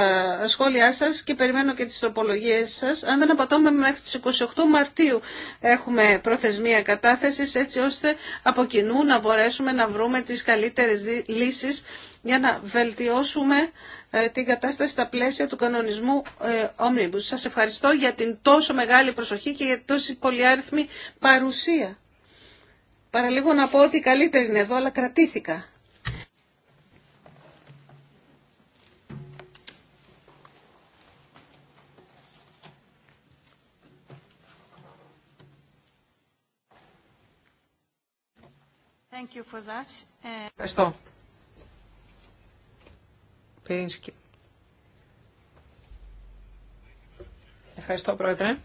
σχόλιά σας και περιμένω και τις τροπολογίες σας. Αν δεν απατώμε μέχρι τις 28 Μαρτίου έχουμε προθεσμία κατάθεσης έτσι ώστε από κοινού να μπορέσουμε να βρούμε τις καλύτερες λύσεις για να βελτιώσουμε ε, την κατάσταση στα πλαίσια του κανονισμού Omnibus. Σας ευχαριστώ για την τόσο μεγάλη προσοχή και για την τόση πολυάριθμη παρουσία. Παραλίγο να πω ότι καλύτερη είναι εδώ, αλλά κρατήθηκα. Ε, Ευχαριστώ. Ευχαριστώ, Πρόεδρε.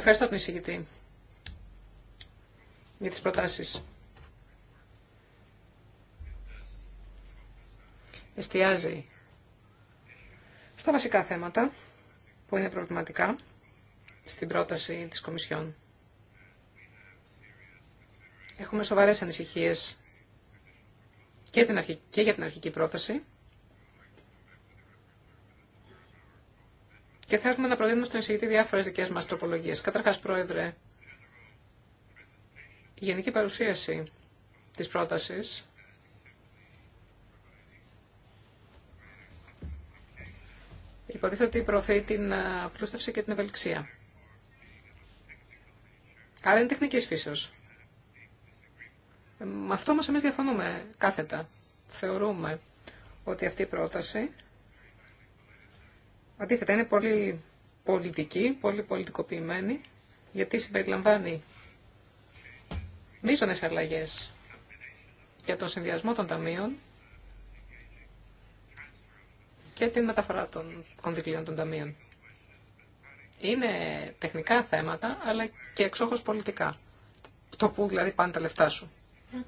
Ευχαριστώ τον εισηγητή για τις προτάσεις. Εστιάζει στα βασικά θέματα που είναι προβληματικά στην πρόταση της Κομισιόν. Έχουμε σοβαρές ανησυχίες και, και για την αρχική πρόταση Και θα έχουμε να προτείνουμε στον εισηγητή διάφορε δικέ μα τροπολογίε. Καταρχά, Πρόεδρε, η γενική παρουσίαση της πρότασης υποτίθεται ότι προωθεί την ε, απλούστευση και την ευελιξία. Άρα είναι τεχνικής φύσεως. Ε, με αυτό όμω εμεί διαφωνούμε κάθετα. Θεωρούμε ότι αυτή η πρόταση Αντίθετα, είναι πολύ πολιτική, πολύ πολιτικοποιημένη, γιατί συμπεριλαμβάνει μίσονες αλλαγές για τον συνδυασμό των ταμείων και την μεταφορά των κονδυλίων των ταμείων. Είναι τεχνικά θέματα, αλλά και εξόχως πολιτικά. Το που δηλαδή πάνε τα λεφτά σου. Ναι.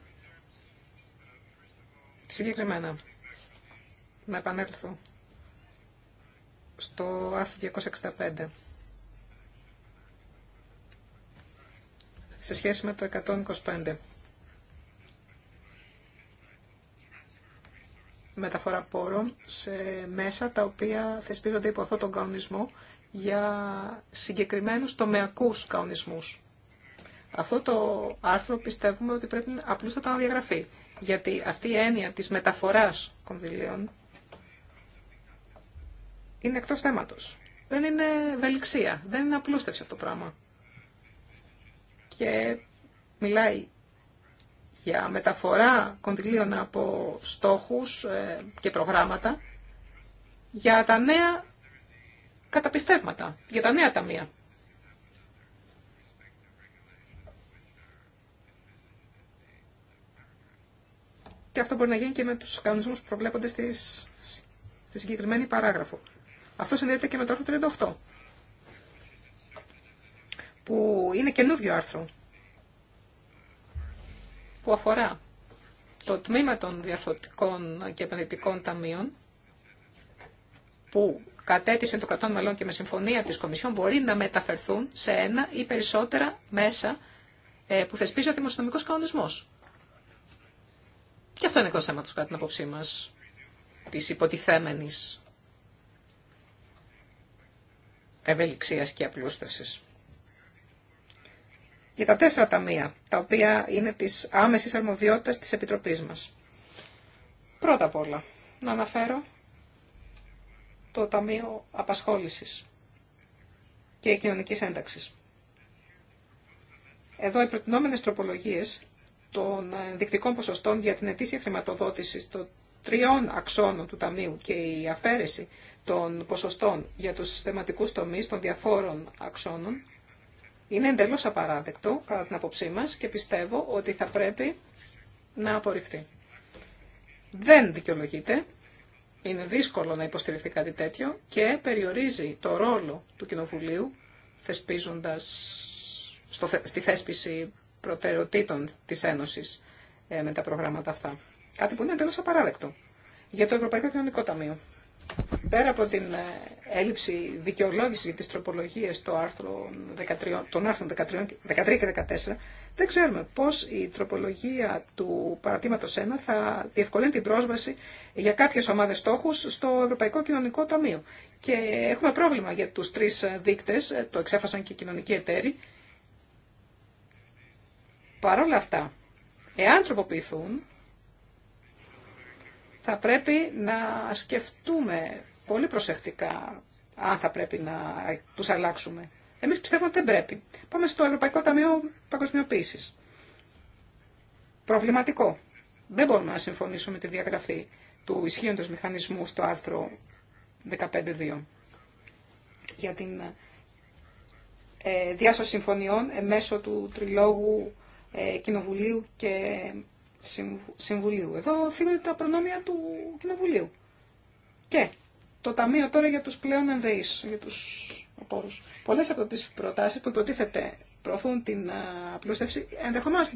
Συγκεκριμένα, να επανέλθω στο άρθρο 265. σε σχέση με το 125. Μεταφορά πόρων σε μέσα τα οποία θεσπίζονται υπό αυτόν τον κανονισμό για συγκεκριμένους τομεακούς κανονισμούς. Αυτό το άρθρο πιστεύουμε ότι πρέπει απλούστατα να διαγραφεί, γιατί αυτή η έννοια της μεταφοράς κονδυλίων είναι εκτός θέματος. Δεν είναι βεληξία, δεν είναι απλούστευση αυτό το πράγμα. Και μιλάει για μεταφορά κοντιλίων από στόχους ε, και προγράμματα για τα νέα καταπιστεύματα, για τα νέα ταμεία. Και αυτό μπορεί να γίνει και με τους κανονισμούς που προβλέπονται στις, στη συγκεκριμένη παράγραφο. Αυτό συνδέεται και με το άρθρο 38, που είναι καινούριο άρθρο, που αφορά το τμήμα των διαθωτικών και επενδυτικών ταμείων, που κατέτησε το κρατών μελών και με συμφωνία της Κομισιόν μπορεί να μεταφερθούν σε ένα ή περισσότερα μέσα ε, που θεσπίζει ο δημοσιονομικός κανονισμός. Και αυτό είναι το θέμα του κατά την απόψή μας, της υποτιθέμενης ευελιξίας και απλούστευσης. Για τα τέσσερα ταμεία, τα οποία είναι της άμεσης αρμοδιότητας της Επιτροπής μας. Πρώτα απ' όλα, να αναφέρω το Ταμείο Απασχόλησης και κοινωνική Ένταξης. Εδώ οι προτινόμενες τροπολογίες των δεικτικών ποσοστών για την ετήσια χρηματοδότηση τριών αξώνων του Ταμείου και η αφαίρεση των ποσοστών για τους συστηματικούς τομείς των διαφόρων αξώνων είναι εντελώς απαράδεκτο κατά την απόψή μας και πιστεύω ότι θα πρέπει να απορριφθεί. Δεν δικαιολογείται, είναι δύσκολο να υποστηριχθεί κάτι τέτοιο και περιορίζει το ρόλο του Κοινοβουλίου θεσπίζοντας στη θέσπιση προτεραιοτήτων της Ένωσης ε, με τα προγράμματα αυτά. Κάτι που είναι εντελώ απαράδεκτο για το Ευρωπαϊκό Κοινωνικό Ταμείο. Πέρα από την ε, έλλειψη δικαιολόγηση για τι 13, των άρθρων 13 και 14, δεν ξέρουμε πώ η τροπολογία του παρατήματο 1 θα διευκολύνει την πρόσβαση για κάποιε ομάδε στόχου στο Ευρωπαϊκό Κοινωνικό Ταμείο. Και έχουμε πρόβλημα για του τρει δείκτε, ε, το εξέφασαν και οι κοινωνικοί εταίροι. Παρ' όλα αυτά, εάν τροποποιηθούν, θα πρέπει να σκεφτούμε πολύ προσεκτικά αν θα πρέπει να τους αλλάξουμε. Εμείς πιστεύουμε ότι δεν πρέπει. Πάμε στο Ευρωπαϊκό Ταμείο Παγκοσμιοποίησης. Προβληματικό. Δεν μπορούμε να συμφωνήσουμε με τη διαγραφή του ισχύοντος μηχανισμού στο άρθρο 15.2 για την ε, διάσωση συμφωνιών ε, μέσω του τριλόγου ε, Κοινοβουλίου και Συμβουλίου. Εδώ φύγονται τα προνόμια του Κοινοβουλίου. Και το Ταμείο τώρα για τους πλέον ενδεείς, για τους απόρους. Πολλέ από τι προτάσει που υποτίθεται προωθούν την απλούστευση, ενδεχομένως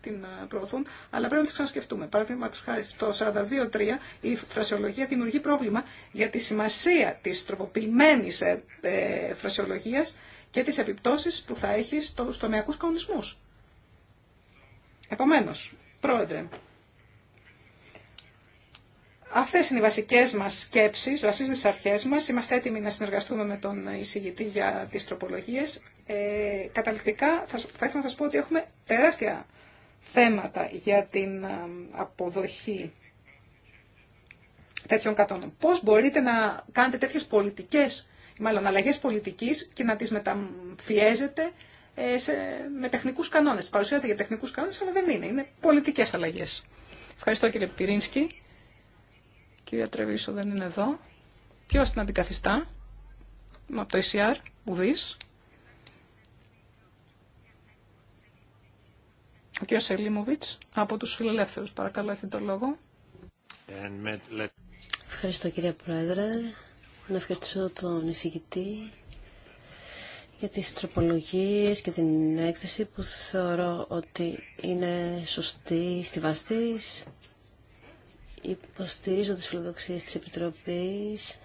την προωθούν, αλλά πρέπει να τις ξανασκεφτούμε. Παραδείγματος χάρη το 42.3 η φρασιολογία δημιουργεί πρόβλημα για τη σημασία της τροποποιημένης ε, ε, φρασιολογία και τις επιπτώσεις που θα έχει στου τομεακού κανονισμούς. Επομένως, Πρόεδρε, αυτές είναι οι βασικές μας σκέψεις, βασίζονται στις αρχές μας. Είμαστε έτοιμοι να συνεργαστούμε με τον εισηγητή για τις τροπολογίες. Ε, καταληκτικά θα, θα ήθελα να σας πω ότι έχουμε τεράστια θέματα για την ε, αποδοχή τέτοιων κατώνων. Πώς μπορείτε να κάνετε τέτοιες πολιτικές, μάλλον αλλαγές πολιτική και να τις μεταμφιέζετε ε, σε, με τεχνικούς κανόνες. Παρουσιάζεται για τεχνικούς κανόνες, αλλά δεν είναι. Είναι πολιτικές αλλαγές. Ευχαριστώ κύριε Πυρίνσκι. Κυρία Τρεβίσο δεν είναι εδώ. Ποιο την αντικαθιστά από το ECR, Ουδής. Ο κ. Σελίμοβιτς από τους φιλελεύθερους. Παρακαλώ, έχετε το λόγο. Ευχαριστώ κύριε Πρόεδρε. Να ευχαριστήσω τον εισηγητή για τις τροπολογίες και την έκθεση που θεωρώ ότι είναι σωστή στη βαστής. Υποστηρίζω τις φιλοδοξίες της Επιτροπής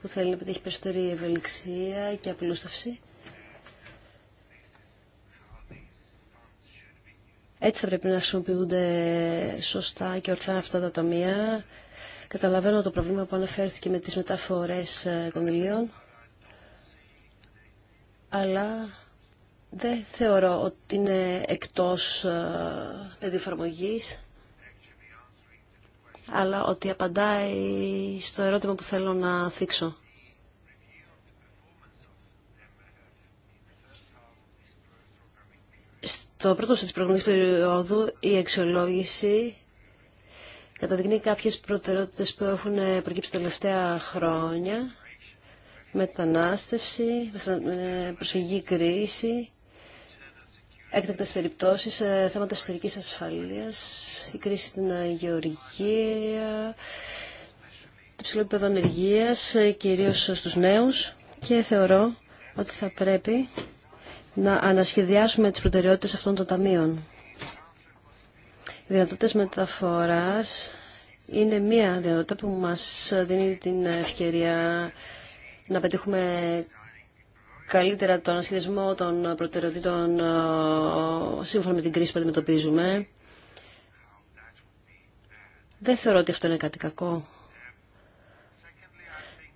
που θέλει να πετύχει περισσότερη ευελιξία και απλούστευση. Έτσι θα πρέπει να χρησιμοποιούνται σωστά και ορθά αυτά τα ταμεία. Καταλαβαίνω το πρόβλημα που αναφέρθηκε με τις μεταφορές ε, κονδυλίων αλλά δεν θεωρώ ότι είναι εκτός ε, εφαρμογής, αλλά ότι απαντάει στο ερώτημα που θέλω να θίξω. Στο πρώτο της προηγούμενης περίοδου η αξιολόγηση καταδεικνύει κάποιες προτεραιότητες που έχουν προκύψει τα τελευταία χρόνια μετανάστευση, προσφυγή κρίση, έκτακτες περιπτώσεις, ε, θέματα εσωτερικής ασφαλείας, η κρίση στην ε, γεωργία, το ψηλό επίπεδο ανεργίας, ε, κυρίως στους νέους και θεωρώ ότι θα πρέπει να ανασχεδιάσουμε τις προτεραιότητες αυτών των ταμείων. Οι δυνατότητες μεταφοράς είναι μία δυνατότητα που μας δίνει την ευκαιρία να πετύχουμε καλύτερα τον ασχετισμό των προτεραιοτήτων ε, σύμφωνα με την κρίση που αντιμετωπίζουμε. Δεν θεωρώ ότι αυτό είναι κάτι κακό.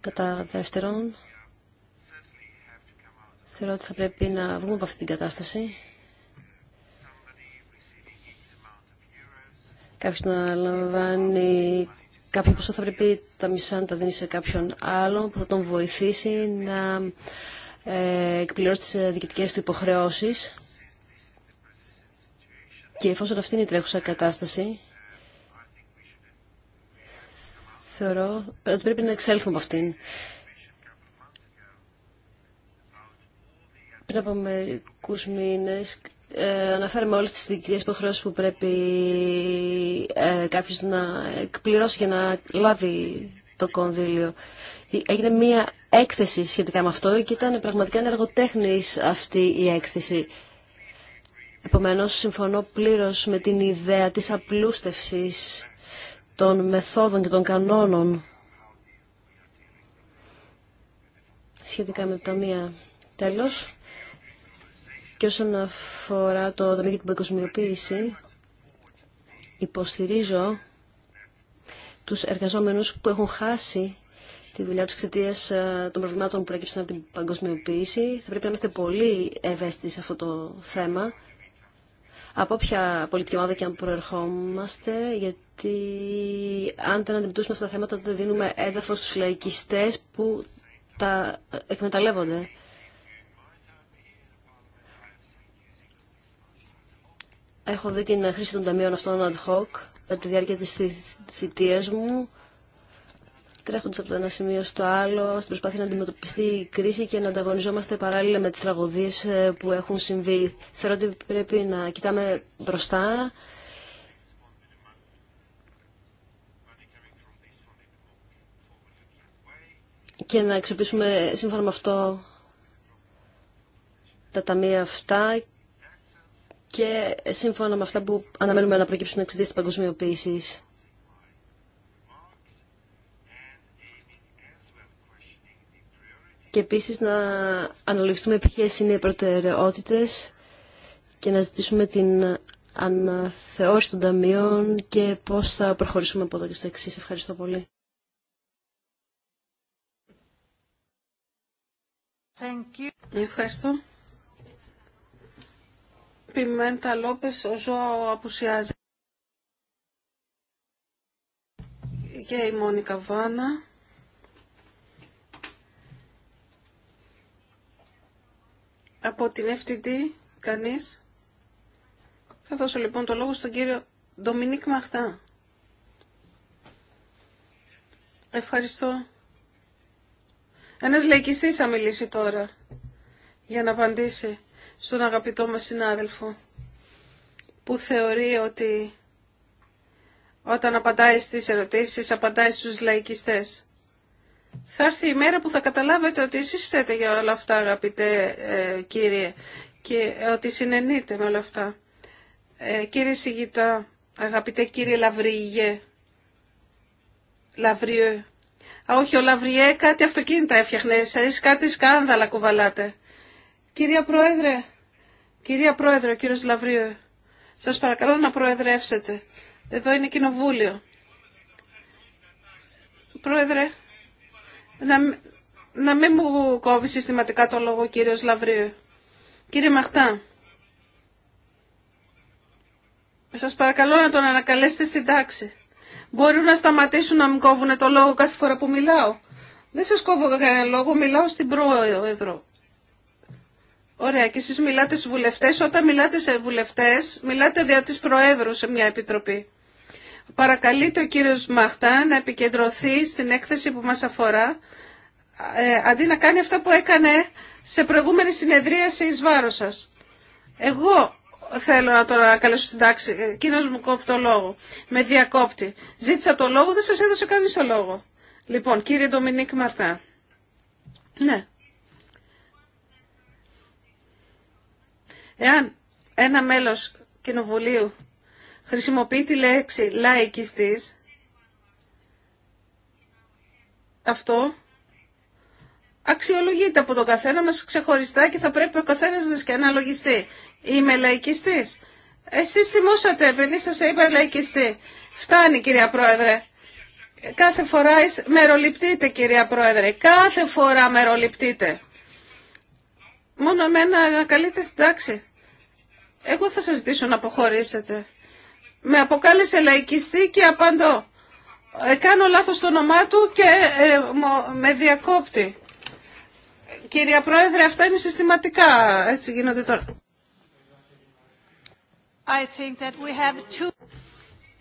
Κατά δεύτερον, θεωρώ ότι θα πρέπει να βγούμε από αυτή την κατάσταση. Κάποιος να λαμβάνει κάποιο ποσό θα πρέπει τα μισά να τα δίνει σε κάποιον άλλον που θα τον βοηθήσει να ε, εκπληρώσει τις ε, διοικητικές του υποχρεώσεις. Και εφόσον αυτή είναι η τρέχουσα κατάσταση, θεωρώ ε, ότι πρέπει να εξέλθουμε από αυτήν. Πριν από μερικούς μήνες ε, αναφέραμε όλες τις διοικητικές υποχρεώσεις που πρέπει ε, κάποιος να εκπληρώσει για να λάβει το κονδύλιο. Ε, έγινε μία έκθεση σχετικά με αυτό και ήταν πραγματικά εργοτέχνης αυτή η έκθεση. Επομένως, συμφωνώ πλήρως με την ιδέα της απλούστευσης των μεθόδων και των κανόνων σχετικά με τα μία. Τέλος. Και όσον αφορά το τομέα για την παγκοσμιοποίηση, υποστηρίζω τους εργαζόμενους που έχουν χάσει τη δουλειά τους εξαιτία ε, των προβλημάτων που προέκυψαν από την παγκοσμιοποίηση. Θα πρέπει να είμαστε πολύ ευαίσθητοι σε αυτό το θέμα. Από ποια πολιτική ομάδα και αν προερχόμαστε, γιατί αν δεν αντιμετωπίσουμε αυτά τα θέματα, τότε δίνουμε έδαφο στου λαϊκιστέ που τα εκμεταλλεύονται. Έχω δει την χρήση των ταμείων αυτών ad hoc κατά τη διάρκεια της θητείας μου, τρέχοντας από το ένα σημείο στο άλλο, στην προσπάθεια να αντιμετωπιστεί η κρίση και να ανταγωνιζόμαστε παράλληλα με τις τραγωδίες ε, που έχουν συμβεί. Θεωρώ ότι πρέπει να κοιτάμε μπροστά, και να εξοπλίσουμε σύμφωνα με αυτό τα ταμεία αυτά και σύμφωνα με αυτά που αναμένουμε να προκύψουν εξαιτία τη παγκοσμιοποίηση. Και επίσης να αναλογιστούμε ποιε είναι οι προτεραιότητες και να ζητήσουμε την αναθεώρηση των ταμείων και πώς θα προχωρήσουμε από εδώ και στο εξή. Ευχαριστώ πολύ. Thank you. Ευχαριστώ. Πιμέντα Λόπες, ο Ζώο απουσιάζει. Και η Μόνικα Βάνα. Από την FTD, κανείς. Θα δώσω λοιπόν το λόγο στον κύριο Ντομινίκ Μαχτά. Ευχαριστώ. Ένας λαϊκιστής θα μιλήσει τώρα για να απαντήσει στον αγαπητό μας συνάδελφο που θεωρεί ότι όταν απαντάει στις ερωτήσεις απαντάει στους λαϊκιστές. Θα έρθει η μέρα που θα καταλάβετε ότι εσείς φταίτε για όλα αυτά αγαπητέ ε, κύριε και ότι συνενείτε με όλα αυτά. Ε, κύριε Σιγητά, αγαπητέ κύριε Λαβρίγε, Λαβριέ, Α, όχι, ο Λαβριέ κάτι αυτοκίνητα έφτιαχνε, εσείς κάτι σκάνδαλα κουβαλάτε. Κυρία Πρόεδρε, κυρία Πρόεδρε, ο κύριος Λαβρίου, σας παρακαλώ να προεδρεύσετε. Εδώ είναι κοινοβούλιο. Πρόεδρε, να, να μην μου κόβει συστηματικά το λόγο ο κύριος Λαβρίου. Κύριε Μαχτά, σας παρακαλώ να τον ανακαλέσετε στην τάξη. Μπορούν να σταματήσουν να μου κόβουν το λόγο κάθε φορά που μιλάω. Δεν σας κόβω κανένα λόγο, μιλάω στην πρόεδρο. Ωραία, και εσεί μιλάτε στου βουλευτέ. Όταν μιλάτε σε βουλευτέ, μιλάτε δια της Προέδρου σε μια επιτροπή. Παρακαλείται ο κύριο Μαχτά να επικεντρωθεί στην έκθεση που μα αφορά, ε, αντί να κάνει αυτά που έκανε σε προηγούμενη συνεδρία σε εις βάρος σα. Εγώ θέλω να τον καλέσω στην τάξη, ε, Εκείνο μου κόπτει το λόγο, με διακόπτη. Ζήτησα το λόγο, δεν σα έδωσε κανεί το λόγο. Λοιπόν, κύριε Ντομινίκ Μαρτά. Ναι. Εάν ένα μέλος κοινοβουλίου χρησιμοποιεί τη λέξη λαϊκιστής, αυτό αξιολογείται από τον καθένα μας ξεχωριστά και θα πρέπει ο καθένας να και αναλογιστεί. Είμαι λαϊκιστής. Εσείς θυμούσατε επειδή σας είπα λαϊκιστή. Φτάνει κυρία Πρόεδρε. Κάθε φορά μεροληπτείτε κυρία Πρόεδρε. Κάθε φορά μεροληπτείτε. Μόνο εμένα να καλείτε στην τάξη. Εγώ θα σας ζητήσω να αποχωρήσετε. Με αποκάλεσε λαϊκιστή και απαντώ. Ε, κάνω λάθος το όνομά του και ε, με διακόπτει. Κυρία Πρόεδρε, αυτά είναι συστηματικά. Έτσι γίνονται τώρα.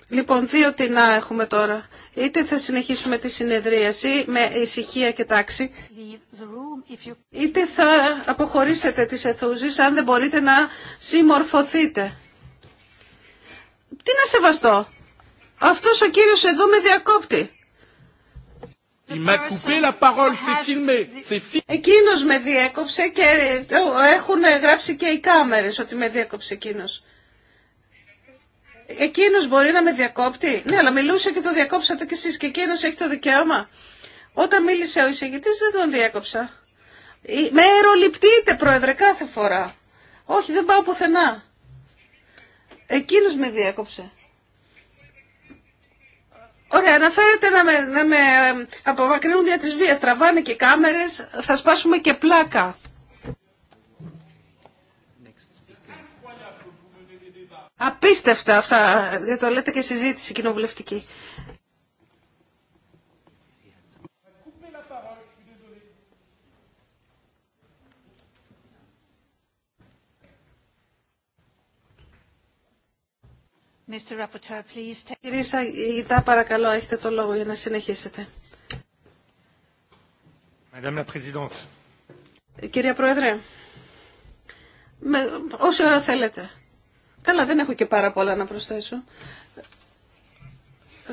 Λοιπόν, δύο τεινά έχουμε τώρα. Είτε θα συνεχίσουμε τη συνεδρίαση με ησυχία και τάξη, είτε θα αποχωρήσετε τις αιθούσεις αν δεν μπορείτε να συμμορφωθείτε. Τι να σεβαστώ. Αυτός ο κύριος εδώ με διακόπτει. Εκείνος με διέκοψε και έχουν γράψει και οι κάμερες ότι με διέκοψε εκείνος εκείνος μπορεί να με διακόπτει. Ναι, αλλά μιλούσε και το διακόψατε κι εσείς και εκείνος έχει το δικαίωμα. Όταν μίλησε ο εισηγητή, δεν τον διέκοψα. Με αεροληπτείτε πρόεδρε κάθε φορά. Όχι, δεν πάω πουθενά. Εκείνος με διέκοψε. Ωραία, αναφέρεται να με, να με ε, απομακρύνουν δια της βίας. Τραβάνε και κάμερες, θα σπάσουμε και πλάκα. Απίστευτα αυτά, δεν το λέτε και συζήτηση κοινοβουλευτική. Κύριε Σαγητά, παρακαλώ, έχετε το λόγο για να συνεχίσετε. Ε, κυρία Πρόεδρε, με, όση ώρα θέλετε. Καλά, δεν έχω και πάρα πολλά να προσθέσω.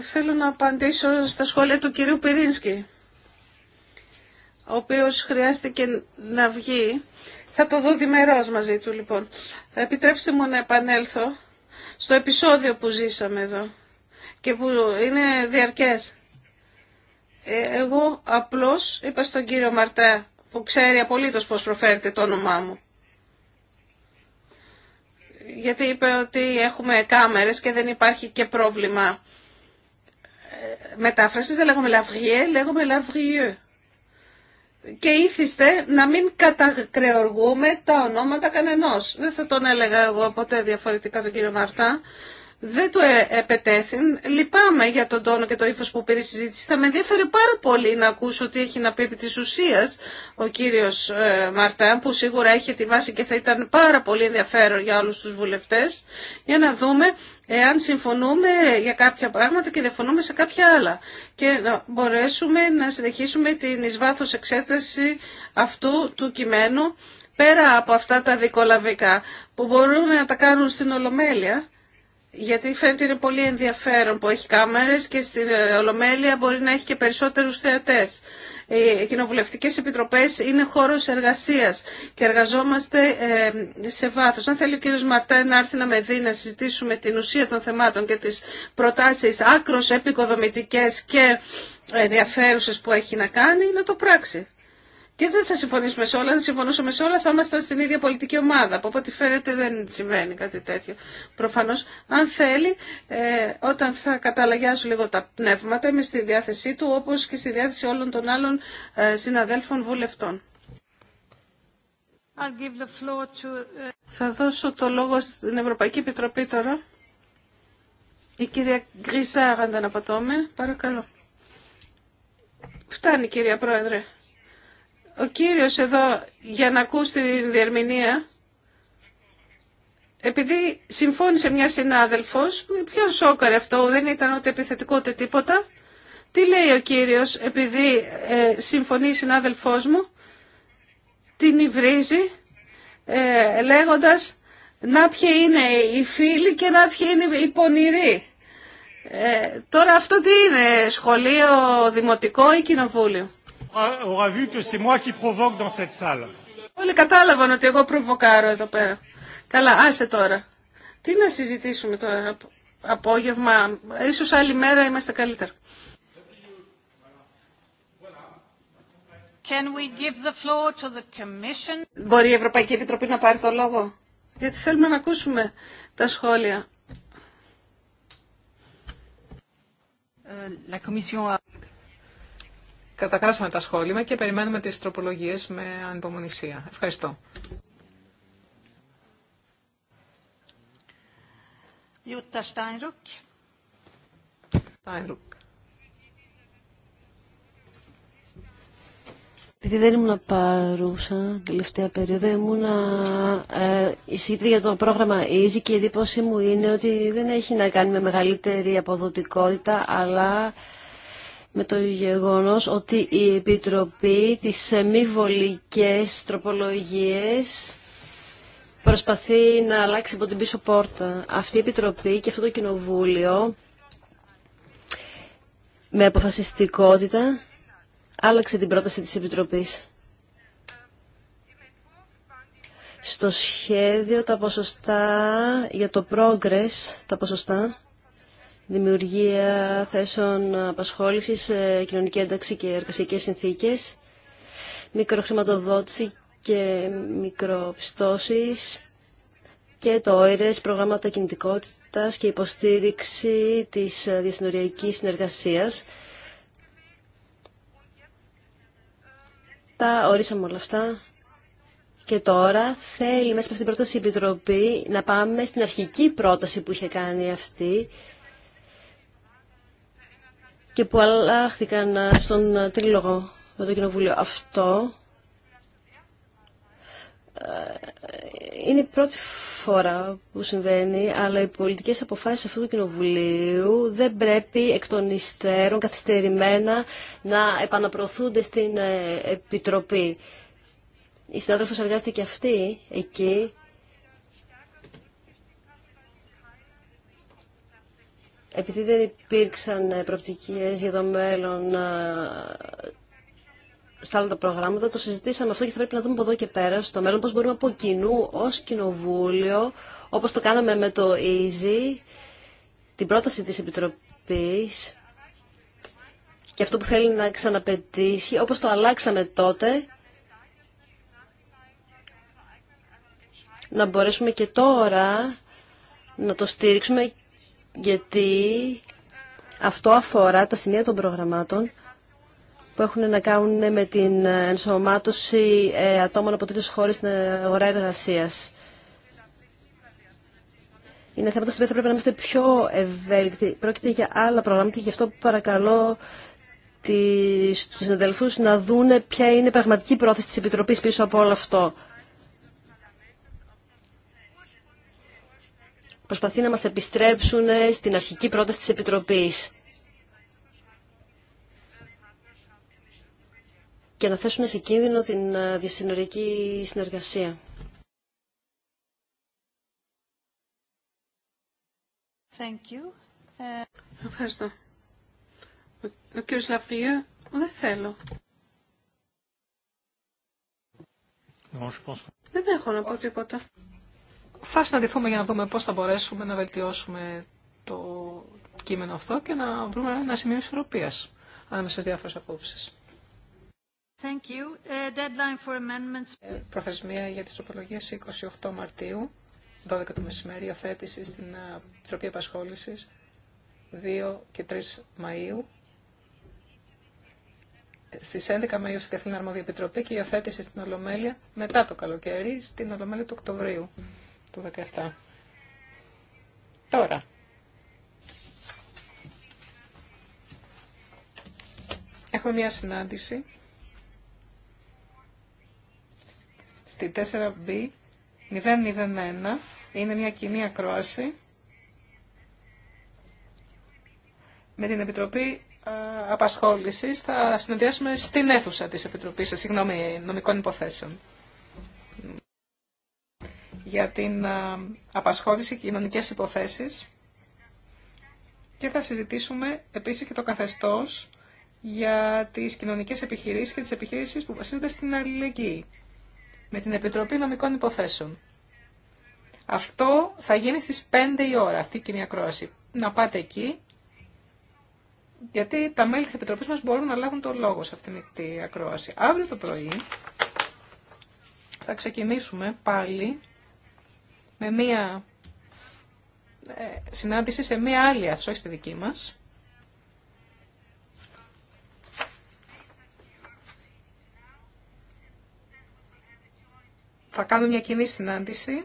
Θέλω να απαντήσω στα σχόλια του κυρίου Πυρίνσκη, ο οποίος χρειάστηκε να βγει. Θα το δω διμερώς μαζί του, λοιπόν. Επιτρέψτε μου να επανέλθω στο επεισόδιο που ζήσαμε εδώ και που είναι διαρκές. Ε, εγώ απλώς είπα στον κύριο Μαρτά, που ξέρει απολύτως πώς προφέρεται το όνομά μου, γιατί είπε ότι έχουμε κάμερες και δεν υπάρχει και πρόβλημα ε, μετάφρασης. Δεν λέγομαι λαβριέ, λέγομαι λαβριού. Και ήθιστε να μην κατακρεοργούμε τα ονόματα κανενός. Δεν θα τον έλεγα εγώ ποτέ διαφορετικά τον κύριο Μαρτά δεν το ε, επετέθην. Λυπάμαι για τον τόνο και το ύφο που πήρε η συζήτηση. Θα με ενδιαφέρει πάρα πολύ να ακούσω τι έχει να πει επί της ουσίας ο κύριος ε, Μαρτάν, που σίγουρα έχει τη βάση και θα ήταν πάρα πολύ ενδιαφέρον για όλου του βουλευτέ. για να δούμε εάν συμφωνούμε για κάποια πράγματα και διαφωνούμε σε κάποια άλλα και να μπορέσουμε να συνεχίσουμε την εις εξέταση αυτού του κειμένου πέρα από αυτά τα δικολαβικά που μπορούν να τα κάνουν στην Ολομέλεια γιατί φαίνεται είναι πολύ ενδιαφέρον που έχει κάμερες και στην ε, Ολομέλεια μπορεί να έχει και περισσότερους θεατές. Οι κοινοβουλευτικές επιτροπές είναι χώρος εργασίας και εργαζόμαστε ε, σε βάθος. Αν θέλει ο κύριος Μαρτέ να έρθει να με δει να συζητήσουμε την ουσία των θεμάτων και τις προτάσεις άκρος επικοδομητικές και ενδιαφέρουσες που έχει να κάνει, να το πράξει. Και δεν θα συμφωνήσουμε σε όλα, αν συμφωνούσαμε σε όλα θα ήμασταν στην ίδια πολιτική ομάδα. Από ό,τι φαίνεται δεν συμβαίνει κάτι τέτοιο. Προφανώς, αν θέλει, ε, όταν θα καταλαγιάσω λίγο τα πνεύματα, είμαι στη διάθεσή του, όπως και στη διάθεση όλων των άλλων ε, συναδέλφων βουλευτών. to... Ε, θα δώσω το λόγο στην Ευρωπαϊκή Επιτροπή τώρα. Η κυρία Γκρισάρ, αν δεν απατώμε, παρακαλώ. Φτάνει κυρία Πρόεδρε. Ο κύριος εδώ, για να ακούσει τη διερμηνία, επειδή συμφώνησε μια συνάδελφος, πιο σόκαρε αυτό, δεν ήταν ούτε επιθετικό ούτε τίποτα, τι λέει ο κύριος, επειδή ε, συμφωνεί η συνάδελφός μου, την υβρίζει ε, λέγοντας να ποιοι είναι οι φίλοι και να ποιοι είναι οι πονηροί. Ε, τώρα αυτό τι είναι, σχολείο, δημοτικό ή κοινοβούλιο aura vu que c'est moi qui provoque dans cette salle. Όλοι κατάλαβαν ότι εγώ προβοκάρω εδώ πέρα. Καλά, άσε τώρα. Τι να συζητήσουμε τώρα, απόγευμα, ίσως άλλη μέρα είμαστε καλύτεροι. Μπορεί η Ευρωπαϊκή Επιτροπή να πάρει το λόγο, γιατί θέλουμε να ακούσουμε τα σχόλια. Ε, Κατακράσαμε τα σχόλια και περιμένουμε τις τροπολογίες με ανυπομονησία. Ευχαριστώ. Στάινρουκ. Στάινρουκ. Επειδή δεν ήμουν παρούσα την τελευταία περίοδο, ήμουν ε, εισήτρια για το πρόγραμμα EASY και η εντύπωση μου είναι ότι δεν έχει να κάνει με μεγαλύτερη αποδοτικότητα, αλλά με το γεγονός ότι η Επιτροπή της μη τροπολογίες προσπαθεί να αλλάξει από την πίσω πόρτα. Αυτή η Επιτροπή και αυτό το Κοινοβούλιο με αποφασιστικότητα άλλαξε την πρόταση της Επιτροπής. Στο σχέδιο τα ποσοστά για το progress, τα ποσοστά δημιουργία θέσεων απασχόλησης, κοινωνική ένταξη και εργασιακές συνθήκες, μικροχρηματοδότηση και μικροπιστώσεις και το ΟΕΡΕΣ, προγράμματα κινητικότητας και υποστήριξη της διασυνοριακής συνεργασίας. Τα ορίσαμε όλα αυτά. Και τώρα θέλει μέσα από αυτήν την πρόταση η Επιτροπή να πάμε στην αρχική πρόταση που είχε κάνει αυτή, και που αλλάχθηκαν ε, στον ε, τρίλογο με το Κοινοβούλιο. Αυτό ε, είναι η πρώτη φορά που συμβαίνει, αλλά οι πολιτικές αποφάσεις αυτού του Κοινοβουλίου δεν πρέπει εκ των υστέρων καθυστερημένα να επαναπροωθούνται στην Επιτροπή. Η συνάδελφος εργάζεται και αυτή εκεί επειδή δεν υπήρξαν προπτικές για το μέλλον ε, στα άλλα τα προγράμματα, το συζητήσαμε αυτό και θα πρέπει να δούμε από εδώ και πέρα στο μέλλον πώς μπορούμε από κοινού ως κοινοβούλιο, όπως το κάναμε με το EASY, την πρόταση της Επιτροπής και αυτό που θέλει να ξαναπετύχει, όπως το αλλάξαμε τότε, να μπορέσουμε και τώρα να το στήριξουμε γιατί αυτό αφορά τα σημεία των προγραμμάτων που έχουν να κάνουν με την ενσωμάτωση ε, ατόμων από τρίτες χώρες στην αγορά εργασίας. Είναι θέματα στο οποίο θα πρέπει να είμαστε πιο ευέλικτοι. Πρόκειται για άλλα προγράμματα και γι' αυτό παρακαλώ τους συναδελφούς να δούνε ποια είναι η πραγματική πρόθεση της Επιτροπής πίσω από όλο αυτό. προσπαθεί να μας επιστρέψουν στην αρχική πρόταση της Επιτροπής και να θέσουν σε κίνδυνο την ε, διασυνορική συνεργασία. Thank you. Ε, Ευχαριστώ. Ο κύριος Λαφριέ, δεν θέλω. Δεν έχω να πω τίποτα θα συναντηθούμε για να δούμε πώς θα μπορέσουμε να βελτιώσουμε το κείμενο αυτό και να βρούμε ένα σημείο ισορροπίας ανάμεσα στις διάφορες απόψεις. Ε, ε, προθεσμία για τις τροπολογίες 28 Μαρτίου, 12 το μεσημέρι, οθέτηση στην ε, Επιτροπή Επασχόλησης, 2 και 3 Μαΐου, στις 11 Μαΐου στην Καθήλυνα Αρμόδια Επιτροπή και η στην Ολομέλεια μετά το καλοκαίρι, στην Ολομέλεια του Οκτωβρίου του 17. Τώρα. Έχουμε μια συνάντηση στη 4B 001. Είναι μια κοινή ακρόαση με την Επιτροπή Απασχόλησης. Θα συνεδριάσουμε στην αίθουσα της Επιτροπής, συγγνώμη, νομικών υποθέσεων για την ε, απασχόληση και κοινωνικές υποθέσεις και θα συζητήσουμε επίσης και το καθεστώς για τις κοινωνικές επιχειρήσεις και τις επιχειρήσεις που βασίζονται στην αλληλεγγύη με την Επιτροπή Νομικών Υποθέσεων. Αυτό θα γίνει στις 5 η ώρα αυτή η κοινή ακρόαση. Να πάτε εκεί, γιατί τα μέλη της Επιτροπής μας μπορούν να λάβουν το λόγο σε αυτήν την ακρόαση. Αύριο το πρωί θα ξεκινήσουμε πάλι με μία ε, συνάντηση σε μία άλλη αυσό, στη δική μας. Θα κάνουμε μια κοινή συνάντηση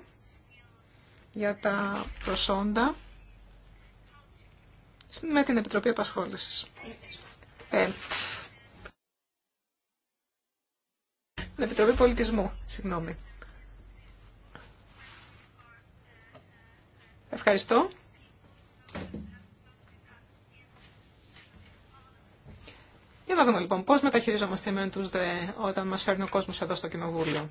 για τα προσόντα με την Επιτροπή Απασχόλησης. Ε, την Επιτροπή Πολιτισμού, συγγνώμη. Ευχαριστώ. Για να δούμε λοιπόν πώς μεταχειριζόμαστε με τους δε όταν μας φέρνει ο κόσμος εδώ στο Κοινοβούλιο.